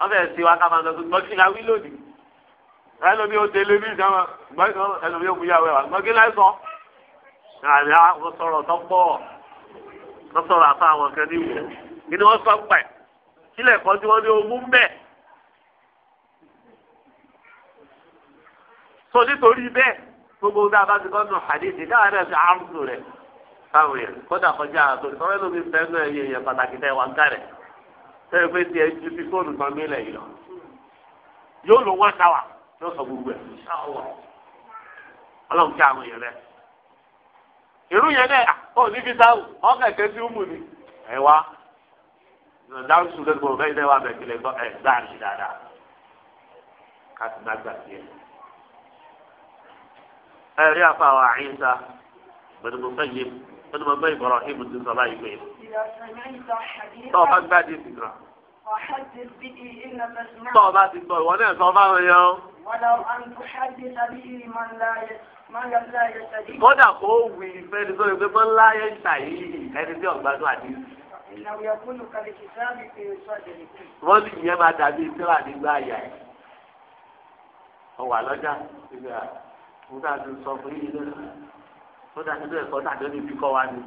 wọ́n fẹ́ẹ́ sí wa ká máa lọ sí gbọ́kí la wí lónìí ẹlòmí ó tẹlé ní ìjọba ẹlòmí ó mú yàwé wa gbọ́kí la sọ àmì àwọn sọ̀rọ̀ tó pọ̀ wọ́n sọ̀rọ̀ àwọn kan ní kí ni wọ́n sọ pẹ̀ sílẹ̀ kan tí wọ́n ní ogún bẹ́ẹ̀ sọ nítorí bẹ́ẹ̀ gbogbo tá a bá ti kọ́nù hadith dáhà náà ti fáwọn yẹn kódà kọjá àtò sọ́wọ́n ló fi fẹ́ẹ́ náà yẹn pàtàkì tẹ́ wà kárẹ̀ sẹ́yìn pé tiẹ̀ ju fi fóònù kan mílẹ̀ yìí lọ yóò lọ wọ́n sáwà yóò sọ gbogbo ẹ̀ ọlọ́run kí àwọn yẹn rẹ̀ irú yẹn náà ó ní fi sáwù ọ̀kẹ́kẹ́ tí ó mú ni ẹ̀ wá dáhùn sùn lẹ́nu bẹ́ẹ̀ náà wà bẹ̀ kílẹ̀ ẹ̀rí àfàwà àyíǹda gbẹdùgbò fẹ́yẹ gbẹdùgbò fẹ́ Ibrahim ti sọ báyìí pé tọ́ ọ bá gbáàdì sí kan. tọ́ ọ bá ti gbọ́ ìwọ náà sọ fáwọn yẹn o. kódà kó wí ìfẹ́ ni sọ́yìn pé mọ́n láyé ń tà yìí ẹni tí ọ̀gbádùn àdé. wọ́n ní ìyẹn máa dàbí ìtura nígbà yà ẹ̀. ọ̀wà lọ́jà nígbà yà mo dáa ti sọ fún yìí lẹ́nu mo dáa ti bẹ́ẹ̀ kọ́ tàbí ó ní ibi kọ́ wa ni.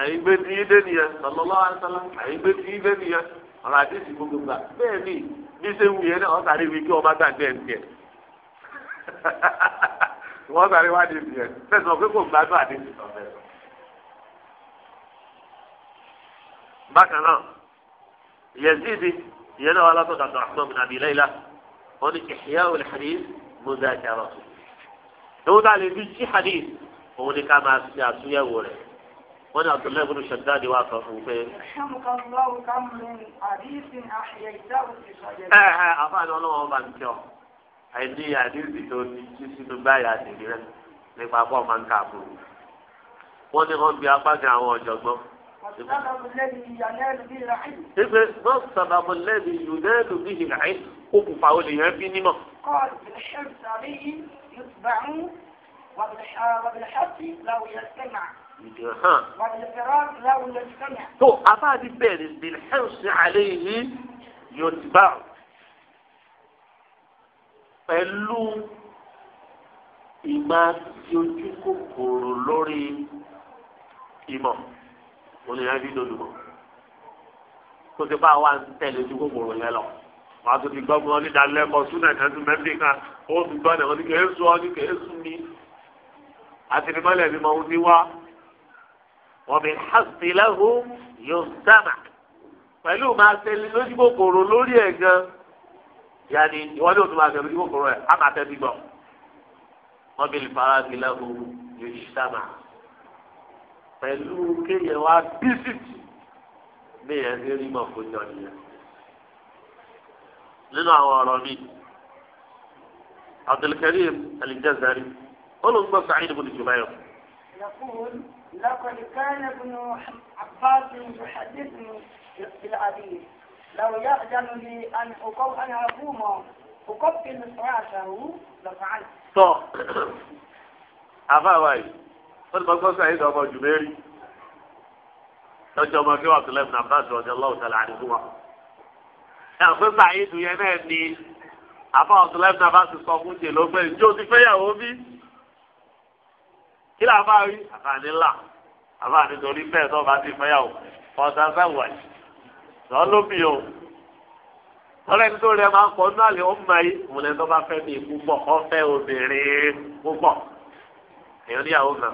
ẹ̀yin gbé tí yín dé nìyẹn sọlọ́lá wa sọlá ẹ̀yin gbé tí yín dé nìyẹn ọ̀rọ̀ àdéhùn gbogbo gbà bẹ́ẹ̀ ni bí ṣe ń wuyẹ náà ọ̀sán níbi kí ọba gbàgbé ẹ̀ tiẹ̀ wọ́n sáré wá di ìbíyẹn fẹ̀sọ̀ pé kò gbádùn àdéhùn sọ fẹ́ bákan náà yẹzidi ìyẹn náà wà látọ̀dọ̀ àtọ̀ àtọ̀ bìnàbí lẹ́yìn lá wọ́n ní ìṣìyà òlìṣìí mú dáa kí ewu tá a lè fi jí hadith òun ni ká máa ṣe àtúnyẹ̀wò rẹ̀ wọ́n ní abdullahi bin shaddadi wa sọ fún un pé. ẹ ẹ àfààní ọlọ́wọ́n bá ń tẹ́ ọ àìní àdéhùn tó ní jí sínú báyà àdéhùn rẹ nípa pọ́ máa ń kà fún un. wọ́n ní wọ́n bí apá kan àwọn ọ̀jọ̀gbọ́n. Ife mọ sábàbọ̀ lẹ́bi yùnẹ́lù bíi ìlàyé kó kùfà olè yẹn bí nímọ̀. يتبع وبالحق لو يستمع وبالفراق لو يستمع تو أفادي بين بالحرص عليه يتبع pẹ̀lú ìgbà tí ojú kòkòrò lórí ìmọ̀ olùyànjú lòlùmọ̀ tó ti bá wa tẹ̀lé ojú kòkòrò yẹn lọ wàá tó ti gbọ́mọ onídàálẹ́kọ̀ọ́ súnà ìtẹ́sùn mẹ́fíkà ó ti gbọ́ ọ̀nà òní kèé sùn ọ́ní kèé sùn mí àti ní mọ́lẹ̀ mi mọ ohun ti wá wọ́n mi hàṣì lẹ́hùn yóò dáná pẹ̀lú máa ṣe lójú kòkòrò lórí ẹ̀ gan yanni ìwọ́n ní òtún máa ṣe lójú kòkòrò ẹ̀ á máa tẹ́tí gbọ́ wọ́n mi lè fara sí lẹ́hùn yóò dáná pẹ̀lú kéèyàn wá bísítì bí ẹ̀ لنا وارامي عبد الكريم الجزري قل ابن سعيد بن جبير يقول لقد كان ابن عباس يحدثني في العديد لو يأذن لي أن أقوم أقوم أقبل صلاته لفعلت أفا واي قل ابن سعيد بن جبير تجمع في وقت الله عباس رضي الله تعالى عنهما ẹ̀rọ pé sàyídù yẹn náà ni àfa ọ̀túnlẹ́fù náà bá ti sọ fún jè ló pé ǹjẹ́ o ti fẹ́yàwó bí? kí là bá rí àfààní ńlá àfààní torí bẹ́ẹ̀ tó bá ti fẹ́yàwó ọ̀sán sẹ́wọ̀ ẹ̀ lọ́ lómi o ọlọ́ni tó rẹ̀ máa ń kọ́ náà lè ó mọ ayé òun lẹ́nu tó bá fẹ́ mi púpọ̀ ọ̀fẹ́ obìnrin púpọ̀ èèyàn níyàwó náà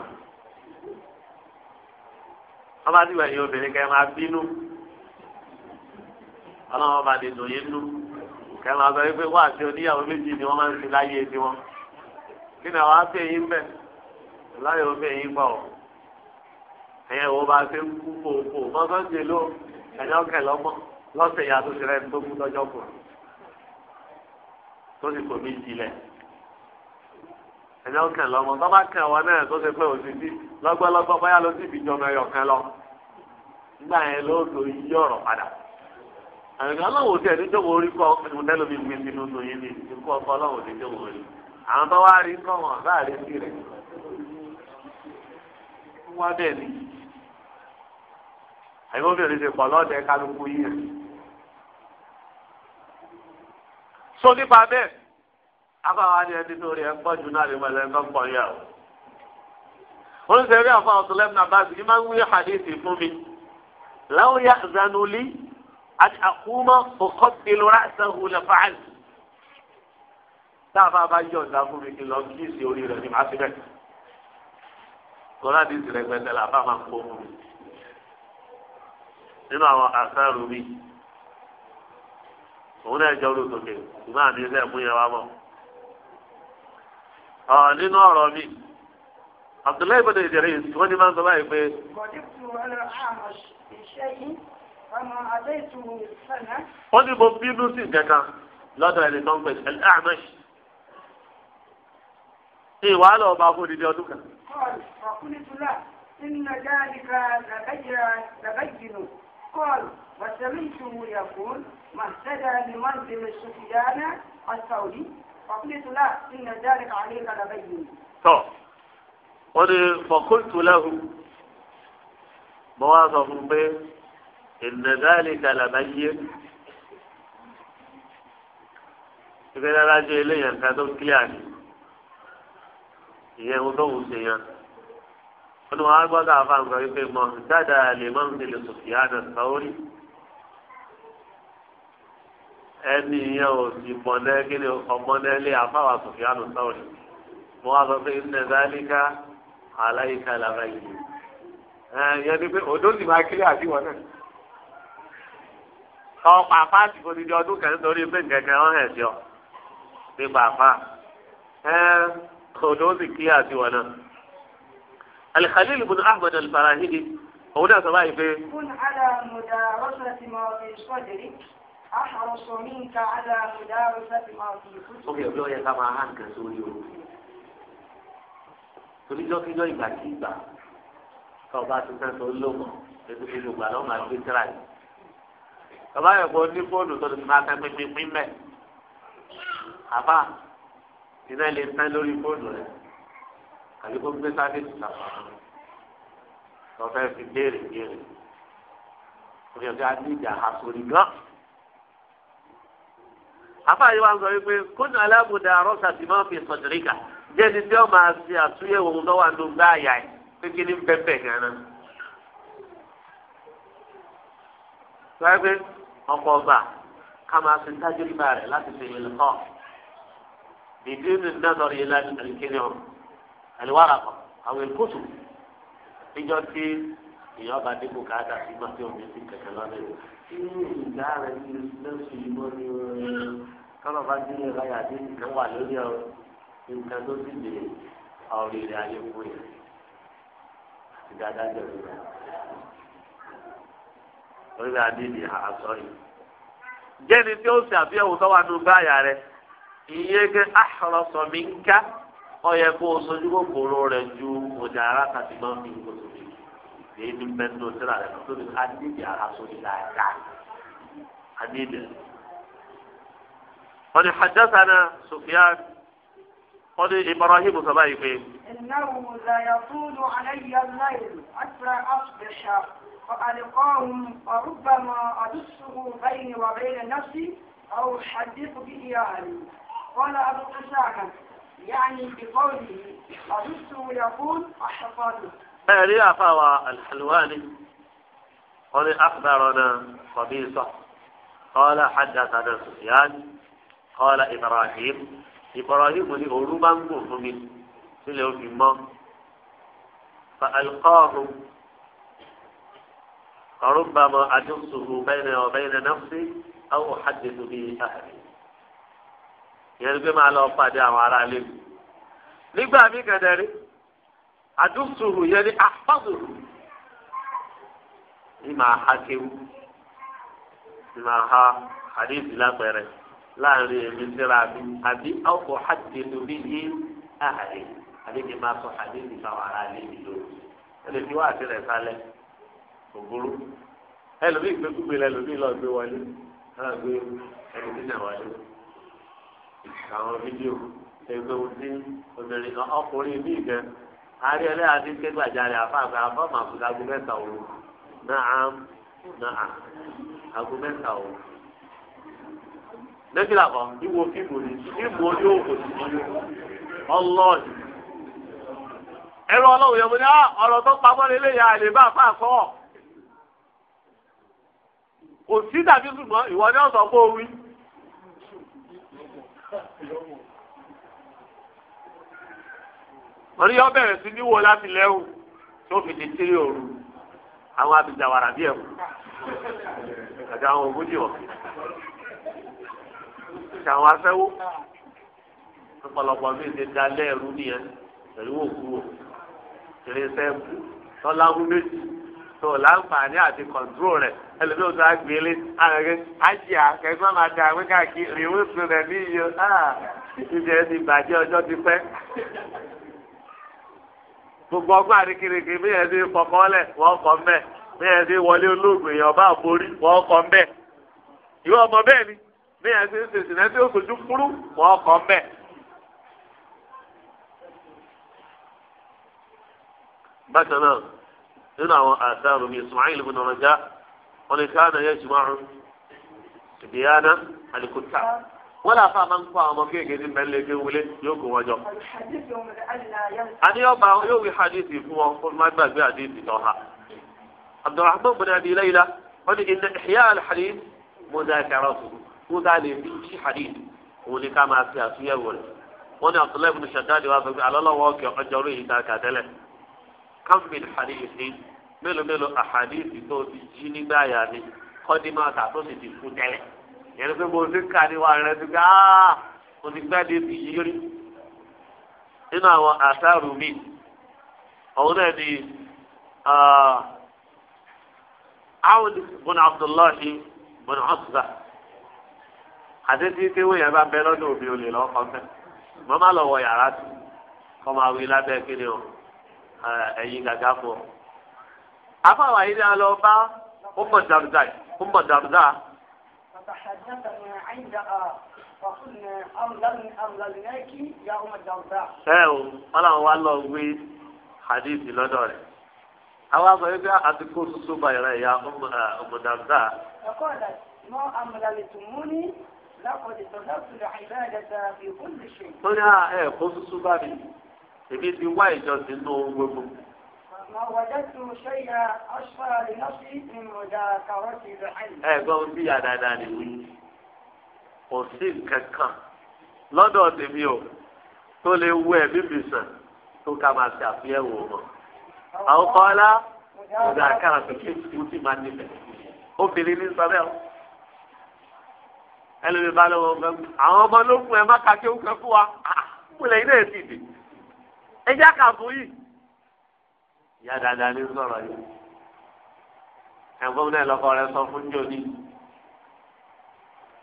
wọ́n ti wẹ̀ ní obìnrin kẹ́ máa bínú ọlọ́wọ́n bá di dòye nú kẹ́lá sọ wípé wá àti oníyàwó méjì ni wọ́n máa ń fi láyé tí wọ́n kí ni àwọn afẹ́ yín bẹ̀ láyé wọ́n fẹ́ yín pọ̀ ẹ̀yẹ wo bá fẹ́ kú fòfò mọ́tò ṣe ló ẹ̀yọ́ kẹ̀ lọ́mọ lọ́sẹ̀ yà tó ṣe rẹ̀ tó kú lọ́jọ́ kù tó sì kò mí jilẹ̀ ẹ̀yọ́ kẹ̀ lọ́mọ tó bá kẹ̀ wọn náà tó ṣe pé òṣìṣì lọ́gbọ́lọ́gbọ́ báyà ló sì fi jọmọ ẹyọ kan lọ nígbà yẹn ló tó yí ọ̀rọ̀ padà àgbẹ̀ ọlọ́run ò tẹ̀ ní tó wọ́n rí kọ́ ìmúdẹ́lómi gbé sínú tó yé ní ikú ọkọ ọlọ́run ò ní tó wọ́n rí àwọn tó wá rí kọ́ wọn bá rí sí rẹ̀ wá bẹ́ẹ̀ ni àyẹ̀wò obìnrin ti pọ̀ lọ́dẹ kálukú yìí so nípa bẹ́ẹ̀ afáwa ni ẹni tó rí ẹ pọ̀ jù náà rí mọ̀ ẹ̀ ń kọ́ yà o wọ́n ń sẹ́rí àfọ àwòsàn lẹ́mìnà bá a sì ní fún mi láwọn zanulí àti àkúmọ òkọbìlú ráṣẹhù lẹfàálì táàbà bá yọ ọ̀dà fún mi kí lọ kí èsì orí rẹ ni màá fi bẹ kọlá di ìsìlẹ gbẹdẹ là bá máa kó fún mi nínú àwọn àṣàrò mi òun náà jọ olùsókè ìmọ̀ àmì ilé ẹ̀mú yẹn wá mọ́ ọ nínú ọ̀rọ̀ mi. عبد الله بن إدريس وني ما زمان يقول ó ní mo bínú sí kankan lọ́dọ̀ ẹni tó ń pè ṣẹlẹ̀ àmẹ́ṣì ṣe ìwà lọ bá fún ìdí ọdún kan. قال وسمعته يقول ما اهتدى لمنزل سفيان الثوري فقلت له ان ذلك عليك لبين. طب قل فقلت له مواظب به ìnàdáàlì kàlàbà yé ìfẹ́ dára jẹ́ eléyàn nǹkan tó kílíà ni ìyẹn ohun tó wù sí yẹn wọn wọn á gbọ́dọ̀ àfàǹgbà wípé mọ dáadáa lè mọ ní lè sòfì àná sáórì ẹni yẹn ò sì mọ̀nẹ́ kí ni ọmọnẹ́ lé àfàwà sòfì àná sáórì mo wá sọ pé ìnàdáàlì ká àlàyé kàlàbà yé ẹ yẹn ni pé òdó sì máa kílíà sí náà kọ́ pa fáàtì kò dídí ọdún kẹ́rin torí pé kẹ̀kẹ́ wọn hẹ̀ sí ọ bí bàbá ẹ kòdó sì kí àti wọn náà. Al-Khalil ibn Ahmad al-Farahidi òun náà sọ báyìí pé. kun ala muda rọ́ṣà ti máa fi sọ́dẹ̀rì àhàrọ̀sọ mi ń ka ala muda rọ́ṣà ti máa fi kútu. ó yẹ kí ó yẹ ká máa hàn kan sórí ooru torí jọ́kíjọ́ ìgbà kí ìgbà tó o bá ti sẹ́ńtò lóko ètò ìlú ìgbà náà máa gbé tíra yìí bàbá yẹn kò ní fóònù tó ti máa tẹ́ pínpín mẹ́ àbá iná lè tẹ́ lórí fóònù rẹ̀ àbí kó gbé sáré síta lọ́fẹ́ fi béèrè béèrè òye ọ̀gá ní ìjà àsòrì gan. àbá yìí wá ń sọ wípé kónú alábòdà arọ́sà tí máa fi sọ̀tìríkà jẹ́ ní tí ó máa ṣe àtúnyẹ̀wò ohun tó wà ló ń gbá àyà ẹ̀ pé kí ni ń bẹ́ẹ̀ bẹ́ẹ̀ gan-an. sọ wípé ọkọ ọgbà ká máa fi tájú nípa rẹ̀ láti fi ìlú kọ́ bìbí mi nàdọ̀rọ̀ yìí láti tẹ̀lé kiri hàn àlùwárà kan àwọn èkótù níjọ tí ìyọba dínkù káàdà sí gbọ́n tí omi ti kẹ̀kẹ́ lọ́dẹ̀ rẹ̀. inú ìgbà rẹ̀ ní lọ́sùn yìí wọ́n ní kọ́lọ̀ bá dín ní ìráyà dín nǹkan wà lórí ọ̀rọ̀ nǹkan tó sì dé ọ̀rọ̀ ìrìn ayé fún yẹn orí àdínì àṣọ yìí. jẹ́ni tí ó ṣe àbíyẹ̀wò tó wà nù báyà rẹ̀ ìyẹn kẹ́ àṣọlọ́sọ mi ń ká ọyẹ kó o sojú kòkòrò rẹ̀ ju ọjà ara kàti máa ń fi kòtò mi èyí ti bẹ́ẹ̀ tó tẹ́lá rẹ̀ tó ní àdínì àṣọ yìí dáadáa àdínì. wọ́n ní hajjásánà Sufyan قد إبراهيم سبايك إنه لا يطول علي الليل حتى أصبح فألقاهم فربما أدسه بيني وبين نفسي أو أحدث به أهلي قال أبو أسامة يعني بقوله أدسه يقول أحفاده أهلي أفاوى الحلواني قل أخبرنا قبيصة قال حدثنا سفيان قال إبراهيم إبراهيم لأولو من في اليوم فألقاهم فربما أدرسه بيني وبين نفسي أو أحدث به أهلي yẹn gbé máa lọ pàdé àwọn ará ilé mi nígbà mí kẹdẹrí àdúgbò yẹn ní àfọdùrù ní màá ha kéwú ní màá ha àdéhùn lápẹrẹ láàrin èmi síra mi àbí ọkọ àdéhùn bí yé àhàlẹ àbí kí n máa sọ àdéhùn fáwọn ará ilé mi lórí ẹ lè fi wá àti rẹ sálẹ. kò burú ẹlòmíì gbẹgbẹgbẹ lẹlòmíì lọ gbé wọlé náà gbé ẹni tí àwọn fídíò ẹgbẹ́ òsín obìnrin kan ọkùnrin míì ti ń ké gbàjarè àfáàfẹ́ àfọ́mà àbùdá agun náà náà agun mẹ́ta òru. lẹ́gbẹ̀lá kan ìwo fíìmù ni fíìmù oní òkò sí ní ọlọ́ọ̀dì. ẹ̀rọ ọlọ́run yẹn mo ní ah, ọ̀rọ̀ tó pamọ́ kò sí tàbí ṣùgbọ́n ìwọ ni ọ̀sán kó wí. wọ́n ní yọ bẹ̀rẹ̀ sí níwò láti lẹ́wù tí ó fi di tírí òru àwọn abìjàwàrà bí ẹ̀kú àti àwọn ògójì wọn àti àwọn afẹ́wó ọ̀pọ̀lọpọ̀ mi ti da lẹ́ẹ̀rú nìyẹn pẹ̀lú òkú o kèrè tọ́lá ń méjì tó láǹfààní àti kọ̀ǹtúrò rẹ̀ ẹlòmí ò tó á gbélé àgbẹ̀ ájì àkẹ́gbẹ́ máa da àwẹ́ káàkiri ìwé ìpè rẹ̀ ní iye ìdí ẹ̀ ti bàjẹ́ ọjọ́ ti pẹ́. gbogbo ọgbọ́n àríkèrèkè bí ẹ̀ ti fọkọ́ lẹ̀ wọ́n kọ́ mbẹ́ bí ẹ̀ ti wọlé olóògùn èèyàn bá borí wọ́n kọ́ mbẹ́ ìwé ọmọ bẹ́ẹ̀ ni bí ẹ̀ ti ṣèṣì náà tí ó kúrú wọ́n kọ́ mbẹ́. bákan náà nínú àwọn àṣàrò mi Ismail bin Raja wọn ni káàdà yẹ jùmọ̀ àrùn ìbíyàná àlìkúta wọn là fà máa ń kó àwọn ọmọ kéékèèké mẹ́lẹ́ ké wulé yóò kó wọn jọ. àníyàn bá yóò wí hadithi fún wọn kó má gbàgbé hadithi tó ha. Abdulrahman bin Abi Layla wọn ni ìnà ìhìyà alhadith mudakaratu mudalè fi ṣí hadith òun ni ká máa fi àtúnyẹ̀wò rẹ̀ wọn ni Abdullahi bin Shaddad wà fẹ́ alọ́lọ́wọ́ ọkẹ́ ọjọ́rú yìí ká kà tẹ́lẹ̀ kánbìn hadithi mélòó mélòó ahadithi tó ti jí nígbà yà ni kọ́dímọ̀ àtà tó sì ti kú tẹ́lẹ̀ yẹn pé mo ti kà ní wa rẹ ti gbà á mo ti gbà dé ti yírí nínú àwọn àtàrù mi òun náà ni àwọn ah, bùnà abdullahi bùnà ọ̀sùnà àti tí tí wọ́n bá bẹ lọ́dún òbí olè lọ́kọ́ mẹ́ mọ́ má lọ wọ yàrá sí kọ́ máa wí lábẹ́ kí ni o. Eh, ẹ̀yin gàgà fún ọ. afáwọn ayé náà lọ bá ụmụ dàrúdà ó dàrúdà. ẹ o wọn làwọn wá lọ wí hadith lọ́dọ̀ rẹ̀ àwọn àgbà yìí bí àtìkó tuntun bá yẹrẹ ya ọmọ dàrúdà. ọkọ rẹ mọ èmi ti wá ìjọsìn ní ohun gbogbo. ẹ̀gbọ́n ohun tí yà dáadáa lè wí kò sí nǹkan kan lọ́dọ̀ tèmi o tó lè wú ẹ̀mí mi sàn tó ká máa ṣe àfihàn wọn. àwọn kan ọlá ìgbà àkàrà tó ké tí ti máa nílẹ̀ obìnrin ní sọ́dẹ̀ o ẹlòmíì bá àwọn ọmọ ló kún ẹ má ka ó kẹ́ fún wa ah, ẹ jẹ́ fún yìí ìyá dáadáa ní sọ̀rọ̀ yìí ẹ̀gbọ́n náà lọ́kọ rẹ sọ fún jòní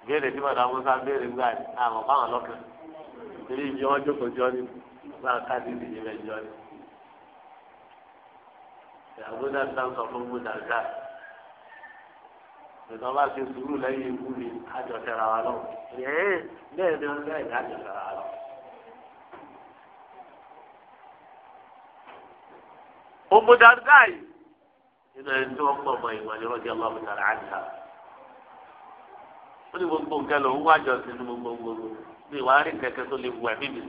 béèrè tí màdà musa béèrè gbà ní àwọn báwọn lọ́kàn torí ibi wọn jókòó jọ ní wọn ká sí ìdíje jọ ní. ìyàwó náà sá sọ fún gbọdàgà ìtàn bá ti sùúrù lẹ́yìn ikú ni àjọṣẹ́ra wa lọ. bẹ́ẹ̀ ni wọn gbá ìdájọ́ sara wa lọ. ọmọ dáadáa yìí nínú ẹni tí wọ́n pọ̀ mọ́ ìwà ni rọ́jà ọlọ́mọ tàrà àjà ó ní gbogbo nǹkan lòún wájọ sí ní gbogbo gbogbo ní ìwà rí kẹ̀kẹ́ tó lè wù ẹ̀mí mi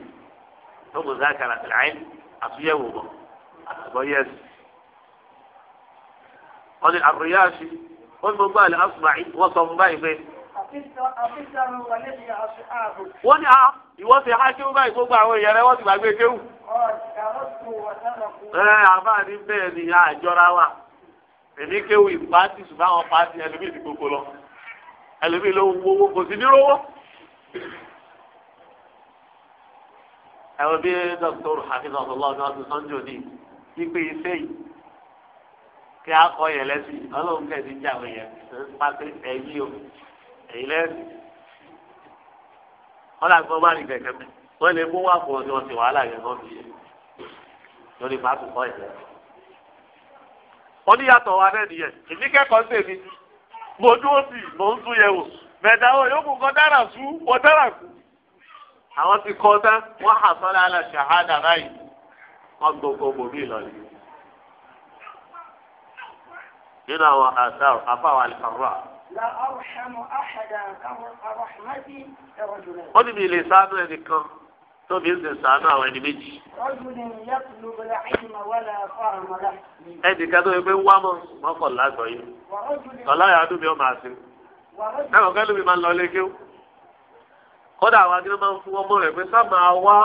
lọ́gbọ̀ zákàrà tìláyé àtúnyẹ̀wò bọ̀ àtúbọ̀ yẹ́sì wọ́n ní àbúrò yáa ṣe wọ́n ní gbogbo àlẹ́ àṣùmáì wọ́n sọ fún báyìí pé wọ́n ní a ah, ìwọ ti ha kéwú báyìí gbogbo àwọn èèyàn rẹ wọ́n ti gbàgbé kéwú. ẹ àbá ní bẹ́ẹ̀ ni àjọra wa èmi kéwú ìpàtì ṣùgbọ́n àwọn pàtì ẹlòmíì ti gbogbo lọ ẹlòmíì ló ń wowó kò sí ní rówó. ẹ̀rọ bí dr hafiz ọ̀sọ̀lọ́ ọ̀dọ́ ọdún sọ́njọ́ ní pípé iṣẹ́ yìí kí a kọ yẹn lẹ́sìn ọlọ́run kẹ́ẹ̀dín jà wọ̀nyẹn pàṣẹ ẹ̀yí o èyí lẹ́nu wọn là gbọ́ báyìí kẹ̀kẹ́ mi wọ́n lè mú wà fún ọdún ọ̀sẹ̀ wàhálà yẹn kọ́ mi lórí pàtó kọ́ ẹ̀jẹ̀. wọ́n ní yàtọ̀ wa náà nìyẹn èmi kẹ́kọ̀ọ́ ń tèmi mo dúró sí i mo ń tún yẹ̀wò mẹ́ta wọn yóò kú kọ́ dára sú wọ́n dára kú. àwọn ti kọ́ tán wọ́n hà sọ́lá àlà ṣàhádà báyìí wọ́n gbogbo bòmí ìlọrin. nínú àwọn àṣà àfàwà àlùfáà la arhamu ahadan arahmati ẹ̀rọ̀jùlẹ̀. ó ní mi lè ṣàánú ẹnìkan tóbi ń ṣe ṣàánú àwọn ẹni méjì. ẹnìkan tó yẹ pé wá mọ́ mọ́kàn lágbọ̀ọ́ yìí tọ́lá yàrá dùn mí ó máa ṣe. ẹ̀rọ kẹ́lú mi máa ń lọ ilé kéwù kódà àwọn agbẹ́ máa ń fún ọmọ rẹ̀ pé sá máa wá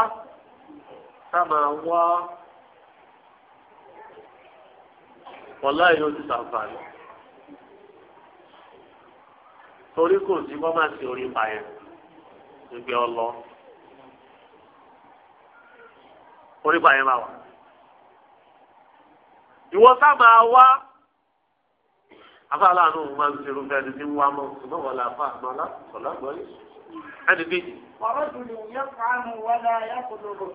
sá máa wá wọ́n láyé ó ti sàǹfààní torí kò sí kọ́ máa ṣe orí pa yẹn gbígbé ọlọ orí pa yẹn máa wà. ìwọ sá máa wá afáàlà àánú òun máa ń ṣe irúfẹ́ ẹni tí ń wá mọ́ ṣùgbọ́n wọ́n là fà mọ́ ọ̀làgbọ́n yìí ẹni bíjì.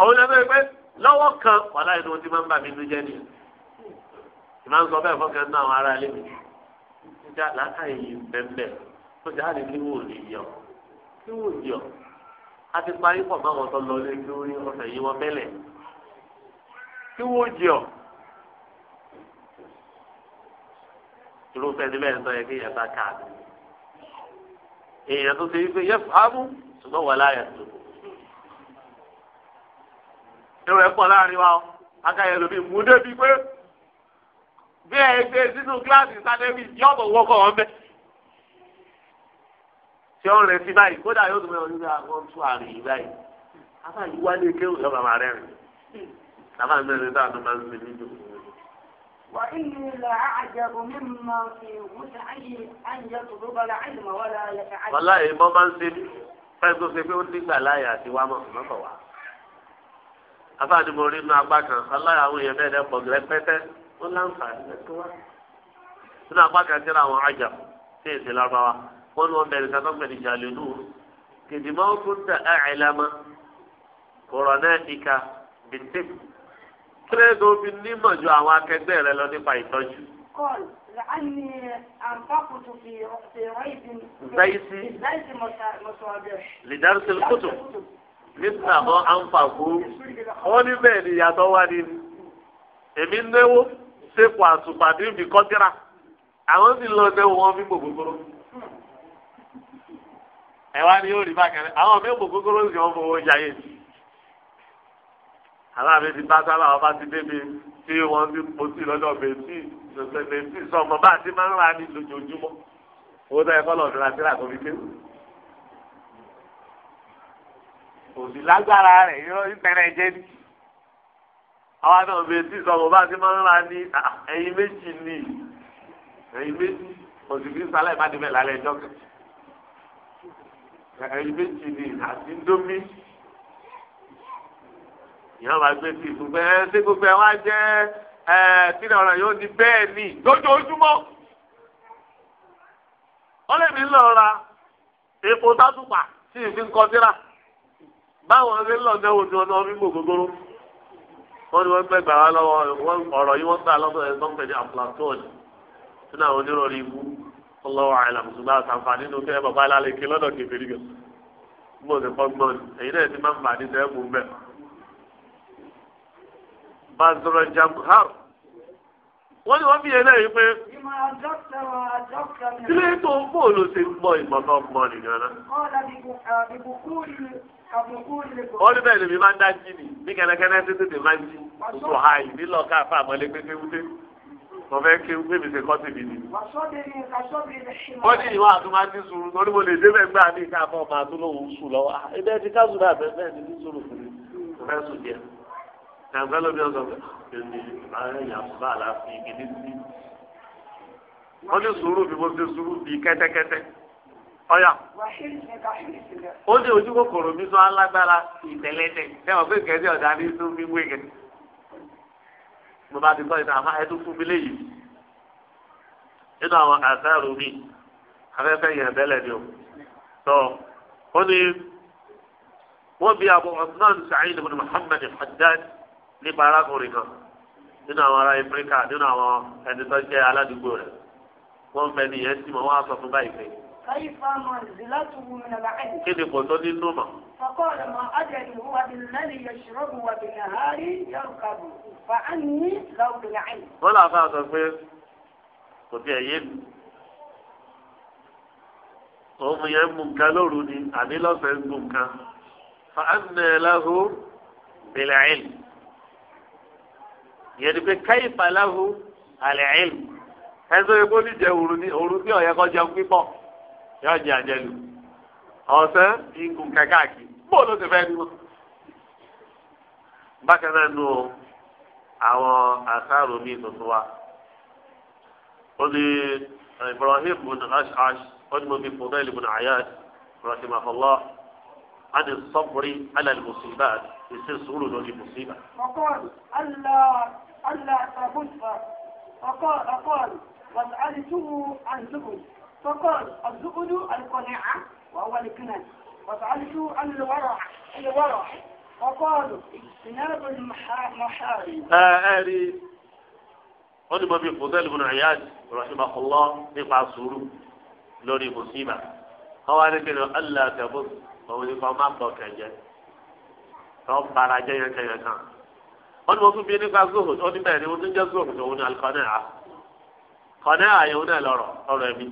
òun lè bẹ́ẹ̀ pé lọ́wọ́ kan wàhálà inú ti máa ń bà mí inú jẹ́ nìyẹn ìmáà ń sọ bẹ́ẹ̀ fọ́kẹ́ náà àwọn ará ilé mi. ìjà làákàyè yìí bẹ́ẹ̀ bẹ́ẹ̀ ó sì hàn ní wò ní yọ kí wò yọ a ti parí pọ̀ mọ́ àwọn tó lọ lé kí orí ọ̀sẹ̀ yìí wọ́n bẹ́lẹ̀ kí wò yọ irúfẹ́ níbẹ̀ ń sọ yẹ kí yẹn bá káàdì èèyàn tó ṣe wípé yẹ fàámù ṣùgbọ́n wà láyà tó èrò ẹ̀ pọ̀ láàrin wa akáyọ̀ lómi mú débi pé bí ẹ gbé sínú kíláàsì sádẹ́bì yọ̀bọ̀ wọ́kọ̀ wọn bẹ́ẹ̀ tí ó ń retí báyìí kódà yóò tún mẹ́wọ́n nígbà ah, wọ́n tún àrùn yìí báyìí bàbá yìí wá ní kéwù lọ́ba máa rẹ̀ rìn bàbá mi rẹ̀ sáà tó máa ń sin ní ìdòwò. وإني لأعجب ممن في وسعه أن يطلب العلم ولا يتعلم. والله máa ń ṣe fẹ́ẹ́ tó ṣe pé ó nígbà láyà àti wá mọ̀ mọ́kàn wá. afáàdì mo rí inú ó láǹfààní lẹ́tọ́ wá. inú apá kan jẹ́ra àwọn àjà sí èsì lárúbáwá wọn ni wọn bẹ̀rẹ̀ ká tọ́pẹ̀ ní jàlélú kìdìmọ́ fún ta àìlámà kòrọ̀nà ìka bìtẹ́ kílẹ̀ tó fi nímọ̀ ju àwọn akẹgbẹ́ rẹ lọ nípa ìtọ́jú. kọ́ọ̀lù làálì àǹfààkùtù fi ọ̀sẹ̀ rẹ́ẹ̀dì. zaisi zaisi mọ̀sọ̀ọ́bẹ̀. lidarisi kutu nígbà mọ́ àǹfààkù wọn ní bẹ́ẹ̀ ni ìyàtọ̀ wá ní èmi náwó sépò àtùpàdé mi kọ́tíra àwọn sì lọ náwó wọn fi gbogbo gbòòrò ẹ̀wá ni yóò rí bákẹ́rẹ́ àwọn mi ò mọ kókóró ń sìn fowó jayé ni. àwọn ti bá sábà wọn bá ti débi tí wọ́n ti po sí lọ́dọ̀ bẹ́ẹ̀tì bẹ́ẹ̀tì sọmọ bá ti máa ń ra ní lójoojúmọ́ owó tó yẹ kọ́ lọ́ọ̀dún láti rà kó fi ké. òsì lágbára rẹ̀ yọ ìpẹ́rẹ́ jẹ́ ni. àwọn náà bẹ́ẹ̀tì sọmọ bá ti máa ń ra ní ẹ̀yìn méjì ni ẹ̀yìn méjì òsì kìí sálẹ̀ bá débẹ̀ lálẹ́ ẹjọ́ kẹ́kẹ́. ẹ̀yìn méjì ni àti ndómi ìyá máa gbé sí ìfúnpẹ́ ẹ ṣé gbogbo ẹ wá jẹ́ ẹ tí ní ọ̀rọ̀ yóò ní bẹ́ẹ̀ ni lójoojúmọ́ wọ́n lè mí lọ epo tátùpà tí ì fi ń kọtíra báwọn wọ́n fi ń gbò gbogbo wọ́n ní wọ́n gbẹ̀gbà wá lọ́wọ́ ọlọ́wọ́ àìlàmù ṣùgbọ́n àtàǹfààní nínú kẹ́lẹ́ bàbá alálẹ́ kí lọ́dọ̀ kẹfìrí gan bó ṣe fọ́gbọ́n ni èyí náà ti máa ń fàdí sẹ́ mú bẹ́ẹ̀. bazọ̀rọ̀ jamhar wọ́n ní wọ́n fi yẹn lẹ́yìn pé kílé tó ń bò ló ṣe gbọ́ ìmọ̀ náà gbọ́ nìyẹn náà. wọ́n ní bẹ́ẹ̀ ni mi máa ń dá jí ni ní kẹ́lẹ́kẹ́lẹ́ títí ti máa ń jí oṣù tó fẹ́ kí pé mi ṣe kọ́ síbi ni. ó ní ìwọ àtúmọ̀tí sùúrù torí mo lè débẹ̀ gbà ní ìka fún ọmọ àtúnlò òun sùn lọ́wọ́ ah, ẹgbẹ́ ti káàsùn náà bẹ́ẹ̀ bẹ́ẹ̀ ní sùúrù fún mi mo fẹ́ sùn díẹ̀. ẹ̀ǹfẹ́ ló bí ọ̀sán pé mi àwọn èèyàn bá a láfi igi ní sí. ó ní sùúrù bí mo ṣe sùúrù bí kẹ́tẹ́kẹ́tẹ́ ọ̀yà. ó ní ojú kòkòrò mi sọ alágbára ìtẹ̀lẹ́tẹ̀ mo bá ti gbọ́ ìta àmọ́ ẹtú fún mi léyìí nínú àwọn àṣàrò mi afẹ́fẹ́ yẹn bẹ́lẹ̀ ni o tó ó ní wọ́n bí Abu Osman Sa'id ibn Muhammad Haddad nípa arákùnrin kan nínú àwọn ará Áfíríkà nínú àwọn ẹni tó jẹ́ aládùúgbò rẹ̀ wọ́n fẹ́ ni yẹn tí mo wá sọ fún báyìí pé. kí ni kò tó nínú mọ̀. فقال ما أدري هو بالذي يشرب وبالنهار يركب فعني لو بالعين ولا فاضل فيه قلت يا òun yẹn mú nǹkan lóru ni àní lọ́sẹ̀ ń mú nǹkan fa anna lahu bil'ilm yẹn ni pé kayfa lahu al-ilm ẹ̀sọ́ epo ní jẹ òru ni òru ní ọ̀yẹ́ kọjá pípọ̀ yóò jẹ àjẹlù ọ̀sẹ̀ ìgùn kẹ̀kẹ́ àkìí bó ló ti fẹ́ ni wọn. bákan náà nu àwọn àṣàrò mi tuntun wa ó ní ibrahim bin ash'ash ó ní mo fi fudayl bin ayyad rahimahullah عن الصبر على المصيبات يصير سهول لو المصيبة فقال ألا ألا تبث فقال فقال وسألته عن زهد فقال الزهد القناعة وهو الكنز وسألت عن الورع الورع وقالوا اجتناب المحارم آري wọ́n ní bọ́bí fúdẹ́lì bùnú ìyáàd rọ̀ṣìmọ̀kọ́lọ́ nípa sùúrù lórí mùsíbà wọ́n wá nígbà náà aláàtẹ̀bù òun nípa má pọ̀ kẹ̀jẹ́ tó ń para jẹ́ yẹn kẹ̀yẹ kan. wọ́n ní mo tún bí nípa zòhò tó ní bẹ́ẹ̀ ni mo tún jẹ́ zòhò tó ń ní alikọ́nẹ́à kọ́nẹ́à yẹn ó náà lọ́rọ̀ ọ̀rọ̀ ẹ̀mí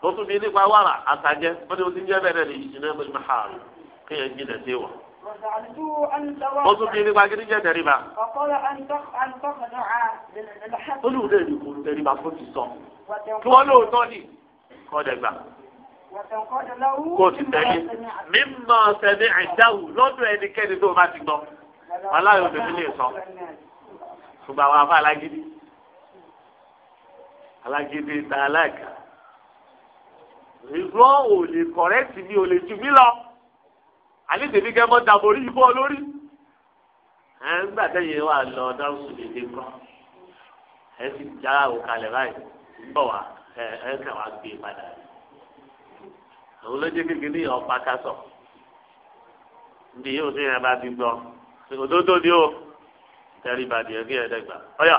tó tún bí nípa wàrà àtàjẹ wọ́n ní o ti ń jẹ́ bẹ́ẹ̀ ní ìṣúná ẹgbẹ́ ìmọ̀ ààrùn kéèyàn jìnà sí wọn. ó tún bí nípa gidi jẹ́ tẹ̀ríba. olùdó èdè kò tẹ̀ríba fún ti sọ kí wọ́n lóòótọ́ ni kọ́ dẹ̀gbà. kò sì tẹ̀lé mímọ́ sẹ́mi àìdáwù lọ́dọ̀ ẹnikẹ́ni tó bá ti gbọ́ aláyọ̀ òbí lè sọ ṣùgbọ́n àwọn afá alágídí alágídí ta aláìka ìgbọ́ ò lè kọ̀rẹ́tì mi ò lè jù mí lọ àní tèmi kẹ́ mọ́ dàbòrí ìbọn olórí ẹ̀ ń gbà tẹ́yìn wà lọ dáhùn lèdè kan ẹ ti já òkàlẹ̀ báyìí ń bọ̀ wá ẹ ẹ kà wá gbé e padà àwọn olójú kékeré yẹn ọ̀pá kásọ̀ níbi yóò fi hàn bá ti gbọ́ òdodo ni ó tẹ́rí ìbàdí ẹ̀ kí ẹ̀ ọ̀yà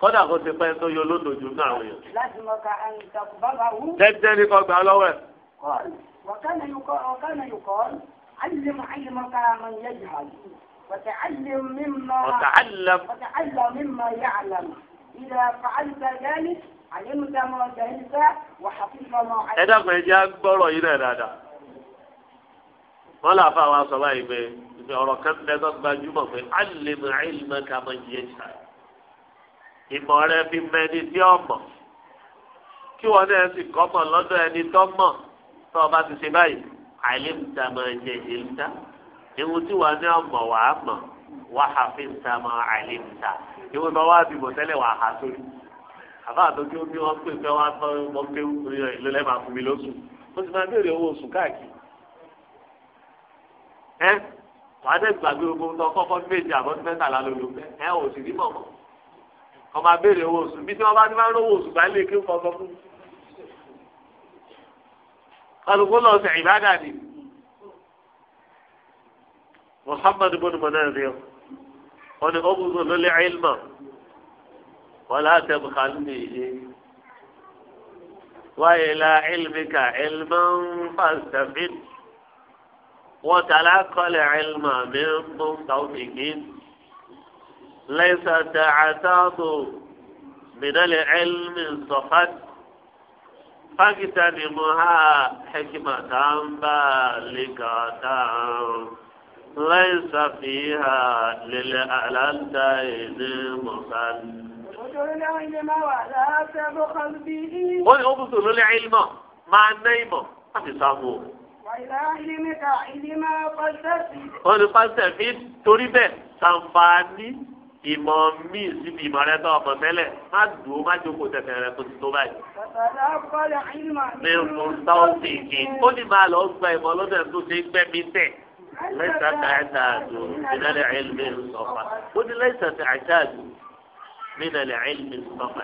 kódà kó ti pẹ́ tó yọ lódojú náà wọ̀nyí. dẹ́dẹ́ ní kọ́ gbà lọ́wọ́ ẹ̀. وتعلم مما وتعلم وتعلم مما يعلم إذا فعلت ذلك علمت ما جهلت وحفظت ما علمت. إذا ما جاء بروي لا لا wọn là fà wá sọ báyìí pé ìpè ọ̀rọ̀ kan bẹ tó gbajúmọ̀ pé alìmọ àìlìmọ ká mọ yẹ ṣá ìmọ̀ rẹ fi mẹni tí ó mọ̀ kí wọn náà sì kọmọ lọ́dọ̀ ẹni tó mọ̀ tó o bá ti ṣe báyìí àìlìmọta mọ yẹ ìlúta ìwọ tí wọn náà mọ̀ wà á mọ̀ wà á fi ń ta mọ àìlìmọta ìwọ bá wà á bímọ tẹ́lẹ̀ wà á sórí àbá àtọkí ó wọn pè pé wọn á tọ ọmọ pé ìlú lẹ́ẹ̀ fún mi lóṣù ó sì máa béèrè owó oṣù káàkiri ẹ wàá dẹ̀ gbàgbé gbogbo tó kọ́kọ́ méjì àbọ̀dún mẹ́tàlá lólu ẹ ò sì ní mọ̀mọ́ ọmọ abéèrè owó oṣù bí tí wọ́n bá ti máa ń rówó oṣù báyìí lè kí wọ́n sọ fún mi. kálukú lọ sí ìbádà ni Muhammad bin Munazir wọn ni ọbùdó lórí ilmà wọn láti ẹbù kálí nìyí. وإلى علمك علما فاستفد وتلقى العلم من مستوفق ليس تعتاد من العلم صفت فاغتنمها حكمة بالغة ليس فيها للألتين مصل wọ́n ní ó bùsùn lólè ilmọ̀ máa ná ìmọ̀ láti sáfù wọ́n ní pásítẹ̀ fi torí bẹ́ẹ̀ sàǹfààní ìmọ̀ mi síbi ìmọ̀ rẹ tó ọmọ tẹ́lẹ̀ má dùn ó má jókòó tẹ̀sẹ̀ rẹ tó ti tó báyìí. mi ò mú sáwọ́sì kì í ó ní máa lọ gba ìmọ̀ lọ́dọ̀ tó ṣe gbẹ́mí tẹ̀ lẹ́sà tààtà àdó ìdálẹ̀ ẹ̀lmí sọ̀fà ó ní lẹ́sà tààtà àdó ìdálẹ̀ ẹ̀lmí sọ̀fà.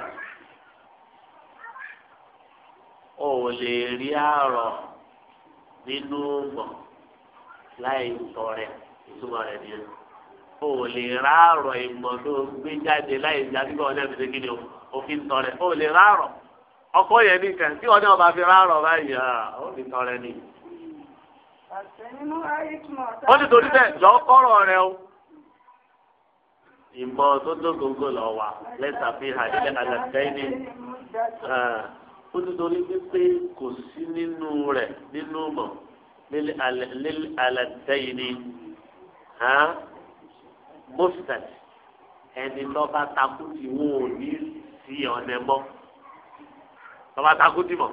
rí àárọ̀ nínú gbọ̀n láì tọrẹ ìtumọ̀ rẹ̀ ni o ò lè ráàrọ̀ ìmọ̀ tó gbé jáde láì jágbọ́ ọdẹ mi sékìlì o òfin tọrẹ o ò lè ráàrọ̀ ọkọ yẹn nìkan tí ọdẹ ọba fi ráàrọ̀ báyìí ó fi tọrẹ ni. ó ní torí bẹ́ẹ̀ lọ kọ́rọ̀ rẹ o ìmọ̀ tó dógóńgó lọ wà lẹ́sàfihàn ilé àgàtẹ́ni ó ti torí pípé kò sí nínú rẹ̀ nínú mọ̀ lílẹ̀ alàdẹ́yìn ni mustard ẹni lọ́ba takú ti wọ́n ò ní sí ọ̀nẹ́ mọ́ lọ́ba takú ti mọ̀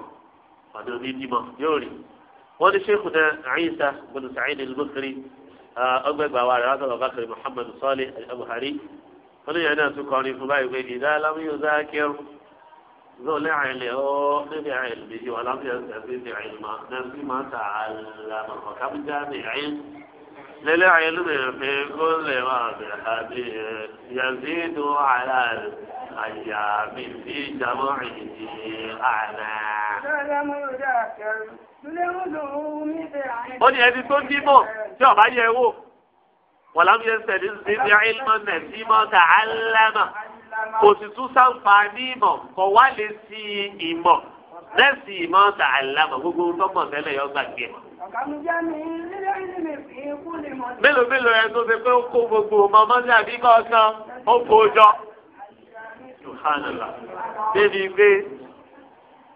ọ̀nà òní ti mọ̀ yóò rí wọ́n ní sèkù náà Isa bin Sa'id al-Bukhari ọgbẹ́gbà wa rẹ̀ wá sọ̀rọ̀ bákàrí Muhammad Salih al-Bukhari ní yàrá náà tún kọrin fún báyìí pé ìdá alámúyọ̀ zákẹ́rù. ذل علو بعلمه ولم يستفد علما ما تعلم وكم جامع للعلم في كل ما واضحة يزيد على الأيام في جمعه أعمى ó ní ẹni tó ní mọ̀ tí ọba yẹ wò wọ́n lámúyẹ́sẹ̀ ní sídìí ilmọ̀ nẹ̀ sí mọ́ta alámà kò sì tún sáǹfààní ìmọ̀ kọ̀ wá lè sí ìmọ̀ lẹ́sìn ìmọ̀ ọ̀tà àlámọ̀ gbogbo tọ́mọ̀ tẹ́lẹ̀ yọ gbàgbé. mélòó mélòó ẹ tó ṣe pé ó kó gbogbo ọmọ sí àbí kọ̀ọ̀kan ó kó jọ. débi pé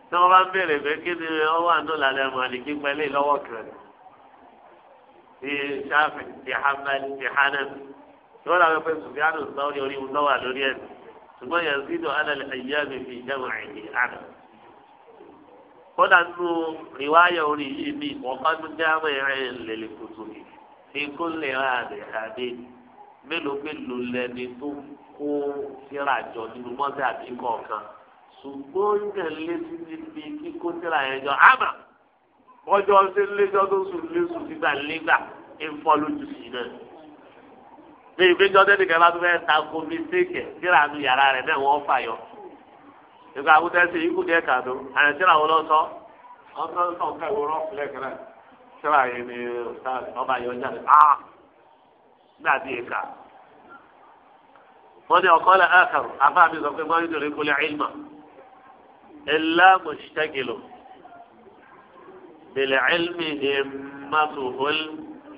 tí wọ́n bá ń béèrè pé kí ni wọ́n wà ní ìlànà ẹ̀mọ́ àdìgí pẹ́lẹ́ lọ́wọ́ kan ti ṣáfì ti hàmẹ́ tí wọ́n làwọn pé sùfìánù sọ́ọ́ ní orí wọn lọ́wọ́ lórí ẹ̀sìn ṣùgbọ́n yazidu alẹ́ ẹ̀yà mi fi jẹ́wọ́ àìní àná. kódà nù ìwáyà orí yìí mi wọ́n tún jáwé rẹ̀ lèlè kùtù ní kó lè ra àdè àdè mélòó mélòó lẹni tó kó síra jọ nínú mọ́tì àti kọ̀ọ̀kan ṣùgbọ́n nǹkan létí níbi kíkó síra yẹn jọ àmà wọ́n jọ ṣe léjọ́ tó sùn lé sùn sígbà légbà ń fọ́ lójú sí náà bí ìpín jọ́dé nìkan bá tún fẹ́ ta ko mistake síra nu yàrá rẹ̀ náà wọ́n fà yọ. nípa àwùjọsí ikú díẹ̀ kàdó àyàn síra wọn lọ sọ. wọ́n tọ́ sọ nǹkan ìwúrọ́ fúlẹ̀ kan náà síra yẹn ni ọba yọ jáde áá ah! nígbà tí èka. wọ́n ní ọ̀kọ́ lẹ́ ẹ̀kàrù afá mi sọ pé mọ́yìn lórí kúlẹ̀ ìlmà. ẹ̀lá mọ̀ṣítẹ́gìlò bẹ̀lẹ̀ ìlmì ìmọ̀tòhólì.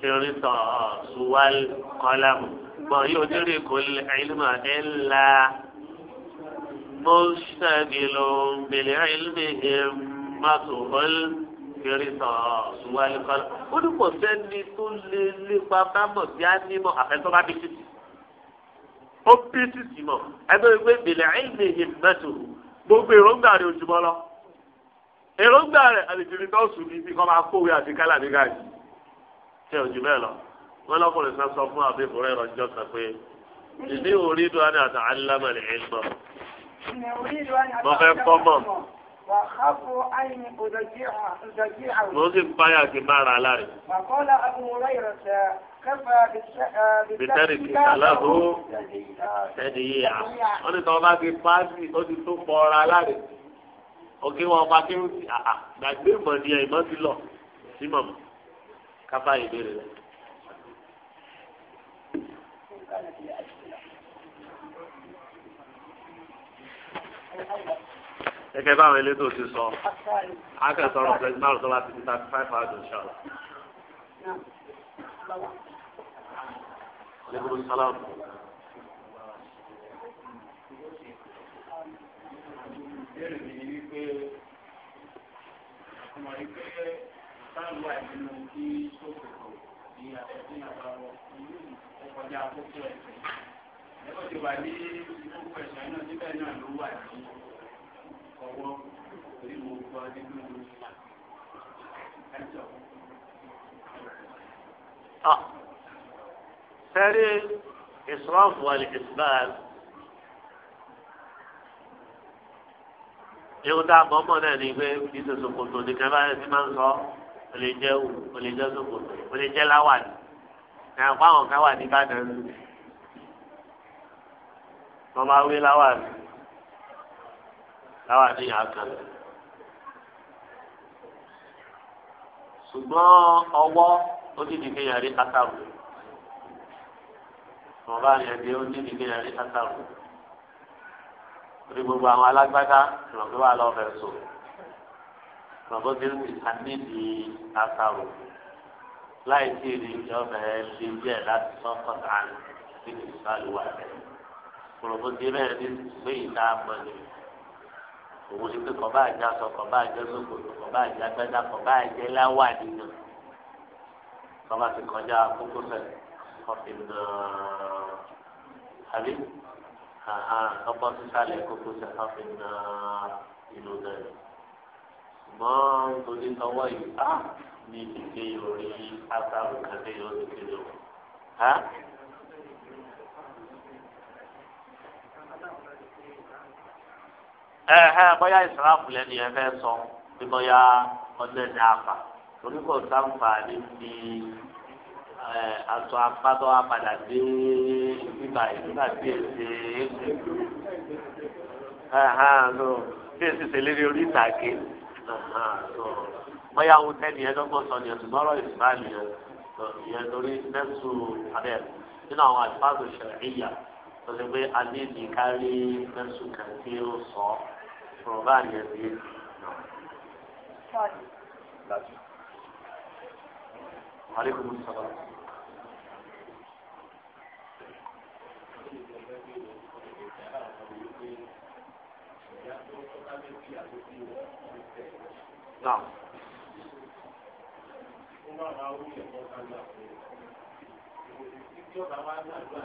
حرص والقلم bọ̀ yóò dérè kò lè àìlùmọ̀ ẹ̀ la mọ́ṣáàgìlò bẹ̀lẹ̀ àìlùmọ̀ ẹ̀ mọ́tò ọ̀l kiri sọ̀ọ̀sù wálé kọ́lá. ó ní kò sẹ́ni tó lé lépa bámọ̀ bí á ní mọ̀ àfẹ́tọ́ bá bí títì. ó bí títì mọ̀ ẹgbẹ́ ìwé bẹ̀lẹ̀ àìlùmọ̀ ẹ̀ mọ́tò gbogbo èròǹgbà rẹ̀ ojúmọ́ lọ. èròǹgbà rẹ̀ àlejò ní nọ́ọ̀sù ní ibi kan máa kówé àti kálá ní gáàjì. ṣé òjú bẹ́ẹ̀ lọ? wọn lọkùnrin kan sọ fún àbí ìfúnra ìrọ̀jọ́ kan pé ìdí òrí ìdú àná àti alámà ní ẹ̀gbọ́n. mo fẹ́ kọ́ mọ̀. mo sì ń báyà sí mára aláàrẹ. bìtẹ́rì kì í sàlábù ẹni yìí à. wọ́n ní sọ́wọ́n bá ti pàṣẹ ó ti tó pọ̀ra aláàrẹ. òkè wọn pa kí n ti àgbàgbé ìmọ̀ ni ẹ̀ ìmọ̀ ti lọ sí mọ̀mọ́ káfá ìbéèrè rẹ̀. gẹ́gẹ́ báwọn elétò ti sọ akẹ́sọ̀rọ̀ pẹ̀lú márùn tó láti títà five hours inshallah. Ìbéèrè mi ni wípé ọmọ yìí pé táwọn wà nínú kí sókòtò ní àtẹ̀sí àbáwọ̀ ìlú ọkọ̀já àkókò ẹ̀sìn. Ẹ̀kọ́ ti wà ní ìkókò ẹ̀sìn náà níbẹ̀ náà ló wà ní ọwọ́ orí mo gbọ́ nínú ìlú ẹjọ́. sẹ́rí ìsọ́ọ̀fù alìkìsíbáàlì ewu tá a bọ̀ mọ̀ náà ni pé kì í ṣe ṣòkòtò nìkan báyìí ti máa ń sọ ó lè jẹ́ òwú ó lè jẹ́ ṣòkòtò ó lè jẹ́ láwàní náà fáwọn kan wà ní Ìbàdàn lù wọ́n máa wé láwàní káwa ní àkàn. ṣùgbọ́n ọwọ́ ó ti di kéèyàn rí kátàrú wọn bá yẹn dé ó ti di kéèyàn rí kátàrú orí gbogbo àwọn alágbádá ìrọ̀gbẹ́ wà lọ́ọ́ fẹ́ sọ ìrọ̀gbẹ́ tí ó ti àníbi kátàrú láì sí ìdí ìjọba ẹ lè jẹ́ láti sọ́kọ̀ tán nínú ìsàlùwà rẹ̀ ìrọ̀gbẹ́ tí bẹ́ẹ̀ ní gbé ìta pẹ̀lú òun ni pé kọba àjà sọ kọba àjà sókòtò kọba àjà gbẹdá kọba àjà láwà nínú kọba ti kọjá kókó sẹ kọfí náà àbí ọkọ sísàlẹ̀ kókó sẹ kọfí náà inú náà ṣùgbọ́n torí tọwọ́ yìí ah, ní ìdíje orí àtàwọn kan lè kéde o. ẹ̀hẹ́ bóyá ìsìláàfù lẹ́nu yẹn fẹ́ sọ bí bóyá ọdún ẹ̀dá àpà torí kò sáǹfà ní ti aṣọ apádọ́ apàdà dé bíbá ìdúrà bí èsì bí èsì tẹ̀lé ní orí ìtàgé bóyá ohun tẹ́ni yẹn lọ́gbọ́n sọ ni ẹ̀sùn mọ́rọ̀ ìsìláàfù yẹn torí mẹ́sù abẹ́ nínú àwọn àtìpáàtò ṣẹ̀ríyà tó ṣe pé adé ti kárí mẹ́sùn kan tí ó sọ ọ̀rọ̀ bá yẹ náà. Ìjọba wa ń gbàdúrà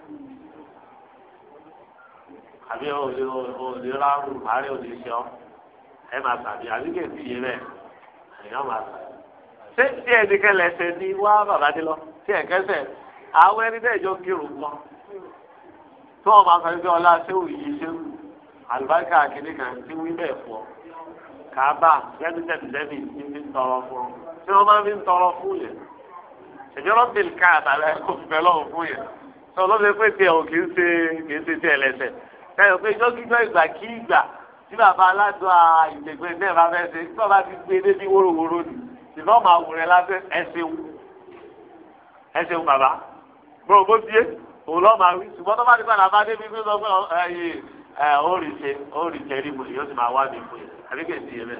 àbí òde òde rárú àárẹ òde ṣe ọ ẹ máa tàbí àbí kèsì yé bẹ́ẹ̀ èèyàn máa tà ṣé tí ẹnìkan lẹsẹ ní wá bàbá dé lọ tí ẹkẹsẹ àwọn ẹni bẹ́ẹ̀ jọ kírun kan tí wọn máa sọ pé ọlá ṣéwù yìí ṣéwù àlùbáríkà kìnìún kan tí wí bẹ́ẹ̀ fọ kàbá lẹbi tẹbi lẹbi ti fi ń tọrọ fún tí wọn máa fi ń tọrọ fún yẹn ìjọba bìlì káàtà lẹ kó fẹ fún yẹn sọ ló pé tiẹ̀ ò kì í ṣe kì í ṣe tiẹ̀ lẹsẹ kẹyọ pé jọgíjọ ìgbà kí ìgbà tí bàbá aládùn ìgbègbè náà bá fẹ́ ṣe tí bàbá ti gbé débi wórówóró ni ṣùgbọ́n màá wù rẹ lásán ẹsẹ̀ wù ẹsẹ̀ wù bàbá gbọ́dọ̀ bó tiẹ̀ òun lọ́ọ́ máa wí ṣùgbọ́n tó bá ti padà bá débi pé sọ pé ẹyẹ ẹ ó rì ṣe ó rì ṣe rí wòye yóò sì máa wá mi fún yẹ àbí kè sí ẹbẹ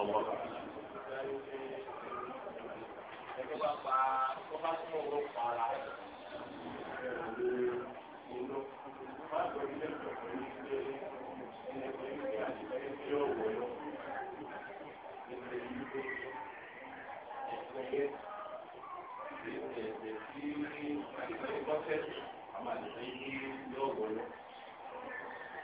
Thank you.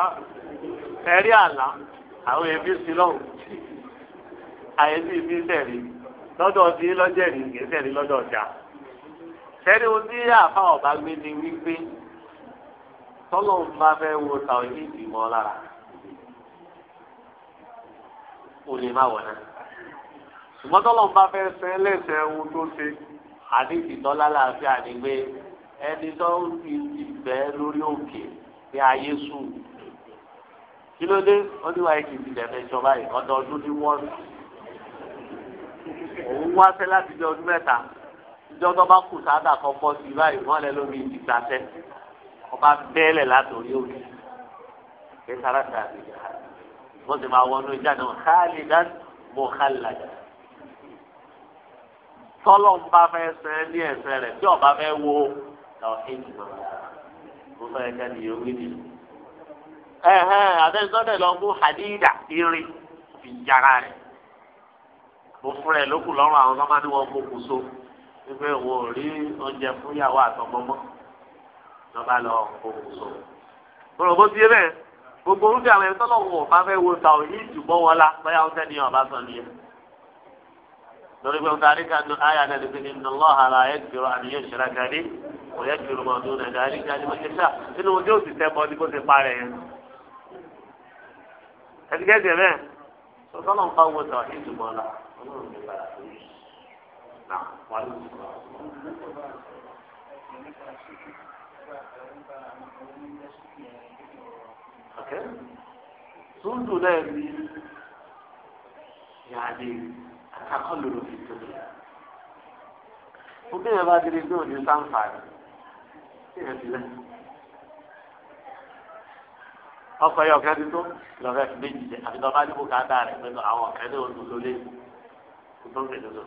Ah. ẹ̀rí àlá àwọn ẹbí sí lọ́hùn àyèsí ìbí sẹ̀rí lọ́dọ̀ tí lọ́jẹ̀rí kìí lọ́dọ̀ ọ̀jà. sẹ́ni o ní àfa ọ̀bá gbé ni wípé tọ́lọ̀ ń bá fẹ́ wo lára o lè má náà àdéhùn tọ́lá làáfíà ni pé ẹni tó ń fi ti bẹ́ẹ̀ lórí òkè ní ayé sùn kí ló dé wọ́n ní wáyé kìí ti dẹ̀fẹ́ jọba yìí ọdọọdún ní wọ́n òun wá sẹ́ láti jẹ ọdún mẹ́ta ìjọba bá kù sáadà kan pọ̀ sí báyìí wọ́n lẹ lómi ìdìgbà tẹ́ ọba bẹ́ẹ̀lẹ̀ látòrí òkè kí sára ìjà wọ́n ti máa wọnú ìjà náà káàlì dán mọ́ káàlì làjà tọ́lọ́ bá fẹ́ sẹ́ ní ẹ̀sẹ̀ rẹ̀ tí ọba fẹ́ wo ẹ̀hẹ́n àtẹ̀sọ́dẹ̀ lọ mú hadida irin fi jara rẹ̀ mo fún ẹ lókù lọ́rùn àwọn tó ní wọn kókó so wípé wọn ò rí oúnjẹ fún ìyàwó lọ́ba lọ kókó so. bọ́lá bó ti yé bẹ́ẹ̀ gbogbo orúkọ àwọn ẹ̀ńtọ́ lọ́wọ́ bá fẹ́ wo ta òyìn ìdùbọ́ wọn la báyà ó tẹ́ lórí pé ọ̀gáàrí kan ní àyà náà lóbi nínú lọ́hà la yẹ kúrò àníyàn ìṣẹ̀lẹ̀ gàdí kò yẹ kúrò mọ́ ọdún náà gàdí gàdí mọ́ ṣẹṣà nínú ojú òsì tẹ́ bọ́ ní kó ti parẹ́ yẹn. ẹtikẹ́tì ẹ̀ bẹ́ẹ̀ sọ́sọ́nà ń pa owó sọ ìtumọ̀ la ọlọ́run ní padà sí i. nà wà ló ń sọ. ok sundu náà ni yàrá akọlù ló fi tó yà fún bẹ́ẹ̀ bá di gbé òní sáǹfààní bẹ́ẹ̀ ti lẹ́ ọkọ̀ yọ̀ kẹ́ni tó lọ́fẹ́ fi méjì jẹ àti lọ́ba ní bùkátà rẹ̀ pẹ̀lú àwọn kẹ́ni olùdó lé tó ń pèsè lọ.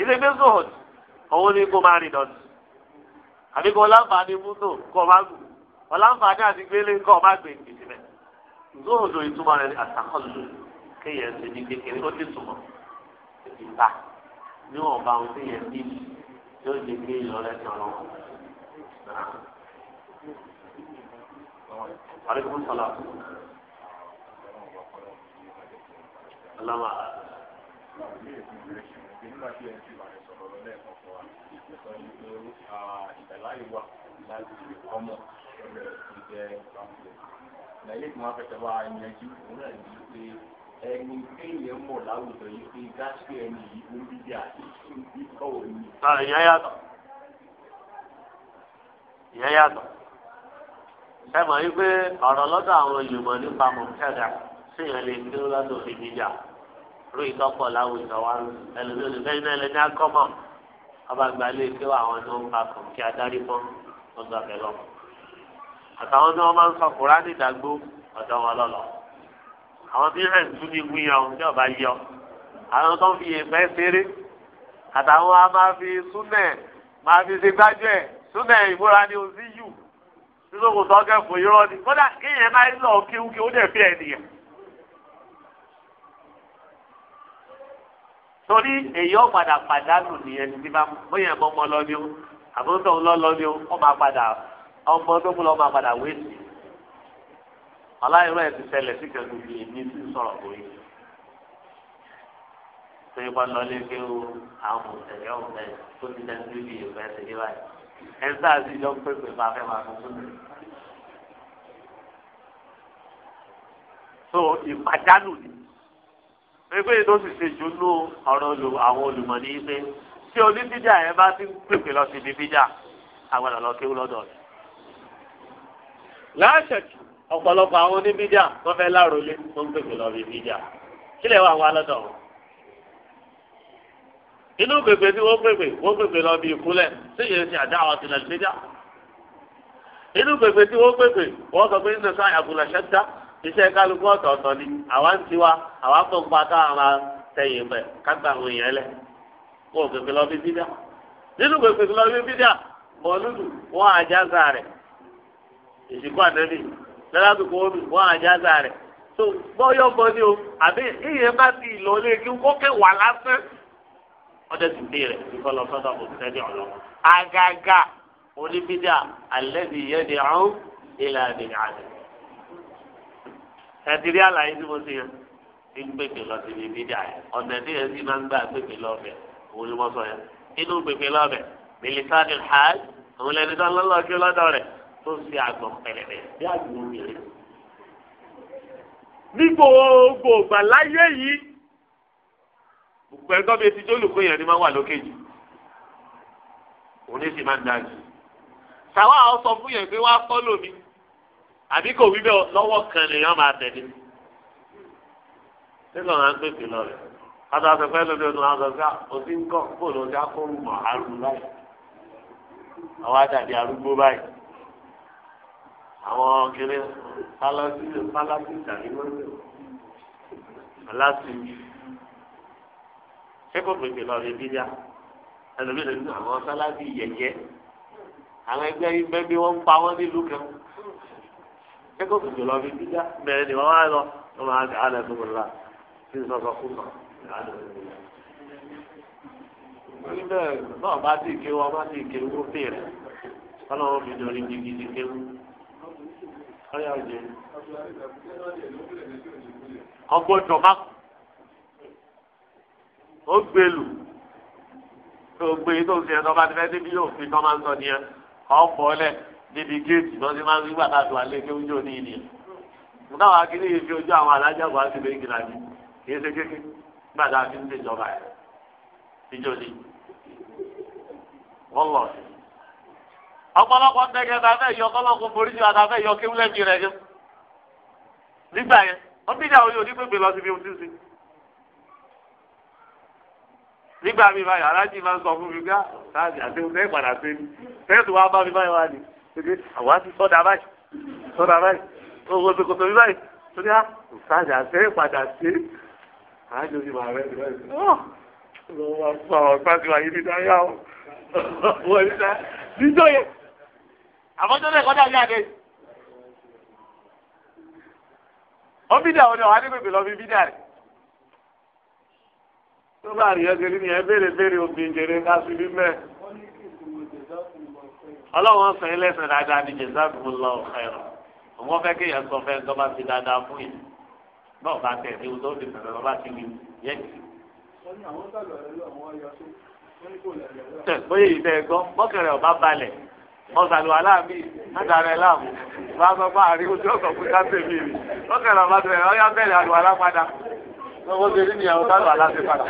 ilé gbé zohod òun ni kó máa rìn lọ sí àbí kó láǹfààní mútò kó máa gùn ọ̀láǹfààní àti gbélé kó máa gbé téèyàn ṣe ní kékeré ó ti túmọ̀ ìta níwọ̀n bá ohun téèyàn ní yóò lè gbé ìlọrẹ́ tán lọ. Aleykum salaam. Alama. wà láti ọmọ ọ̀rẹ́ ìjẹ́ ìpàmùlẹ̀. Ìlàyé tí wọ́n fẹ́ tẹ́wọ́ àyànjú òun náà ní pé ẹni téèyàn mọ̀ láwùjọ yìí pé dáṣẹ́ ẹni yìí ló ń bíbí àti ìṣúbí kọ́ òní. Ah, ìyẹn yàtọ̀ ìyẹn yàtọ̀ ẹ mọ̀ wípé ọ̀rọ̀ lọ́dọ̀ àwọn olùmọ̀ nípa mọ̀kẹ́dà síyàn lè dúró lọ́dọ̀ ìbíjà rú ìtọ́pọ̀ láwùjọ wa ẹlòmíràn bẹ́ẹ̀ náà lẹ́ni akọ́mọ̀ ọba gbalẹ̀ pé àwọn tó ń pa kọ̀ọ̀kí adarí fún ọgbà bẹ́ẹ̀ lọ àtàwọn tí wọ́n máa ń sọ kúránì dàgbò ọ̀dọ́ wọn lọ́lọ́ọ̀ àwọn tí rẹ̀ ń tún ní wí ọ̀hún tí ọba yọ àwọn tó ń fi èèpẹ̀ ṣeré àtàwọn a máa fi súnẹ̀ máa fi ṣe gbájú ẹ̀ súnẹ̀ ìmúra ni òsì yù nígbàgbọ́ tó ọkẹ́ fún irọ́ ni kódà kéèyàn máa ń lọ kéwúké ó dẹ̀ fi ẹ̀ nìyẹn. torí èèyàn padà pàdánù nìyẹn ní bí bá bóyá ẹ̀mọ́ ọmọ lọ ni ó àbúrò tó ń lọ lọ ni ó ọmọ padà ọmọ tó ń lọ ọmọ padà wéèsì aláìrọ ẹ ti ṣẹlẹ̀ sí kẹkọọ bíi èmi ti sọ̀rọ̀ bóyá tó yẹ kó lọ lé pé o àwọn mọ̀tẹ̀lẹ́ ọ̀fẹ́ tó ti dẹ́nu níbi ìfẹ́ ti dé báyìí ẹ sáà sì jọ ń pèpè máa fẹ́ máa tuntun rẹ̀. so ìpàdánù ni pépé tó sì ṣe jù nú ọ̀rọ̀ àwọn olùmọ̀ ní pé tí onídíjà yẹn bá ti pèpè lọ sí ibi bíjà àwọn ọ̀lọ́kéwú lọ́dọ̀ rẹ̀. láṣẹ̀kì ọ̀pọ̀lọpọ̀ àwọn oníbíjà wọ́n fẹ́ láròlé wọ́n ń pèpè lọ́ọ́ bí bíjà kílẹ̀ wà wá lọ́dọ̀ wọn. inú pèpè tí wọ́n pèpè wọ́n pèpè lọ́ọ́ bí ìkúlẹ̀ tí yẹn ti àdá àwọn tìlẹ̀ bíjà. inú pèpè tí wọ́n pèpè wọ́n sọ pé nínú sáà àbùlà ṣẹ́ta iṣẹ́ kálukú ọ̀tọ̀ọ̀tọ̀ ni àwa ń tiwa àwa fún pa káwọn tẹ̀yìn pẹ̀ kágbà lọ́la tó kọ́ omi wọ́n àjáza rẹ̀ tó bọ́yọ̀ bọ́ ni o àbí ìyẹn bá ti lọ lé kí wọ́n kẹ́ wà lásán ọdẹ ti dé rẹ̀ kíkọ́ lọ sọ́dọ̀ kò tẹ́ ní ọ̀lọ́ agaga oníbídà alẹ́bí yẹn ni àwọn ìlà ni àlẹ́ ẹ̀dìrí àlàyé tí mo ti yẹn ti ń gbègbè lọ sí bídà yẹn ọ̀nà tí yẹn ti máa ń gbà gbègbè lọ́bẹ̀ òun ni mo sọ yẹn inú gbègbè lọ́bẹ̀ mílísàn tó ṣe àgbọ̀n pẹlẹbẹ bí àgbọ̀n obìnrin. ní gbogbo ìgbà láyé yìí gbogbo ẹgbẹ́ bíi ti jólùkọ́ yẹn ni máa wà lókè jù òun ní sì máa ń da jù. sàwa àwọn sọ fún yẹn pé wá fọ́lò mi àbí kò wí bẹ́ẹ̀ lọ́wọ́ kan lèèyàn máa tẹ̀lé. nígbà wọn á ń pèsè lọ rẹ̀ kátà sọ fẹ́ lóde ọdún àwọn sọ̀rọ̀ òsì ń kọ́ kó àrùn báyìí àwọn àdàbí arúgbó báyìí àwọn kiri palasi palasi tàbí mọ́tò palasi sẹ́kọ̀ pèpè lọ rí bíyà ẹlòmíì lè ní àwọn sálábì yẹ̀yẹ́ àwọn ẹgbẹ́ yìí bẹ́ẹ̀ bí wọ́n ń pa wọ́n nílùú kan sẹ́kọ̀ pèpè lọ rí bíyà bẹ́ẹ̀ ni wọ́n wá lọ wọ́n máa gà á lẹ́nu wọn la kí n sọ̀rọ̀ fún wọn. Níbẹ̀ náà bá ti ké wọn bá ti ké wọ́n pè rẹ̀ kọ́nà wọn fi dorí gidigidi ké wọn ọyà òye ọgbọ́dọ̀ má ó gbèlú tó gbé tó fi ẹ tọ́ba tẹ́lẹ̀ níbi yóò fi tọ́ máa ń sọ nìyẹn ọ̀pọ̀ ọlẹ̀ níbi géètì náà ti máa ń gbígbà tá a tó wà lé kéwújọ ní ìnìyẹn nígbà wàá kí ní ìfi ojú àwọn alájà wàá ti bẹ́ẹ̀ gíga ni kì í ṣe kékeré nígbà tá a fi ń ṣèjọba ẹ̀ níjọ́ ni wọ́n lọ sí i ọ̀pọ̀lọpọ̀ ń dẹ́gẹ́ ta fẹ́ yọ ọ̀pọ̀lọpọ̀ borí ju àtàfẹ yọ kí wúlẹ mi rẹ yọ nígbà yẹn ó bí ìjà òye onígbègbè lọ síbi ohun tí ń sìn nígbà mi báyìí aláàjì máa ń sọ fún mi gbá sáàbì ah, àti ohun tẹ́ padà sí mi tẹ́tù wa bá mi báyìí wá ní ṣe àwa ti sọ́dà báyìí sọ́dà báyìí owó ti kòtò mi báyìí tó ní à sáàbì àti padà sí aláàjì ó sì máa rẹ́ mi báyìí ah, lọ́wọ́ fún àwọn ọ̀gbá tí wàá yí mi dáyà àfọ́jọ́ náà kọ́dà ní adé. ó bídà òní ọ̀hán ní pèpè lọ fi bídà rẹ̀. tó bá rí ọjọ́ ní ẹ béèrè béèrè obìnrin jèrè ká sí bí mẹ́. ọlọ́run sọ yín lẹ́sẹ̀ dáadáa ní jazakumullahu khairan òun fẹ́ kéèyàn fẹ́ tó bá ti dáadáa ọ̀sàlù aláàmì látara ẹ̀ láàmú bá sọ fún àárín ojú ọ̀sán fún sáńtẹ̀ mi rí lọ́kẹ̀ lọ́ba tó ẹ̀ ọ́yá bẹ̀rẹ̀ àlù alápadà lọ́wọ́ ṣe rí nìyàwó sálù aláṣẹ padà.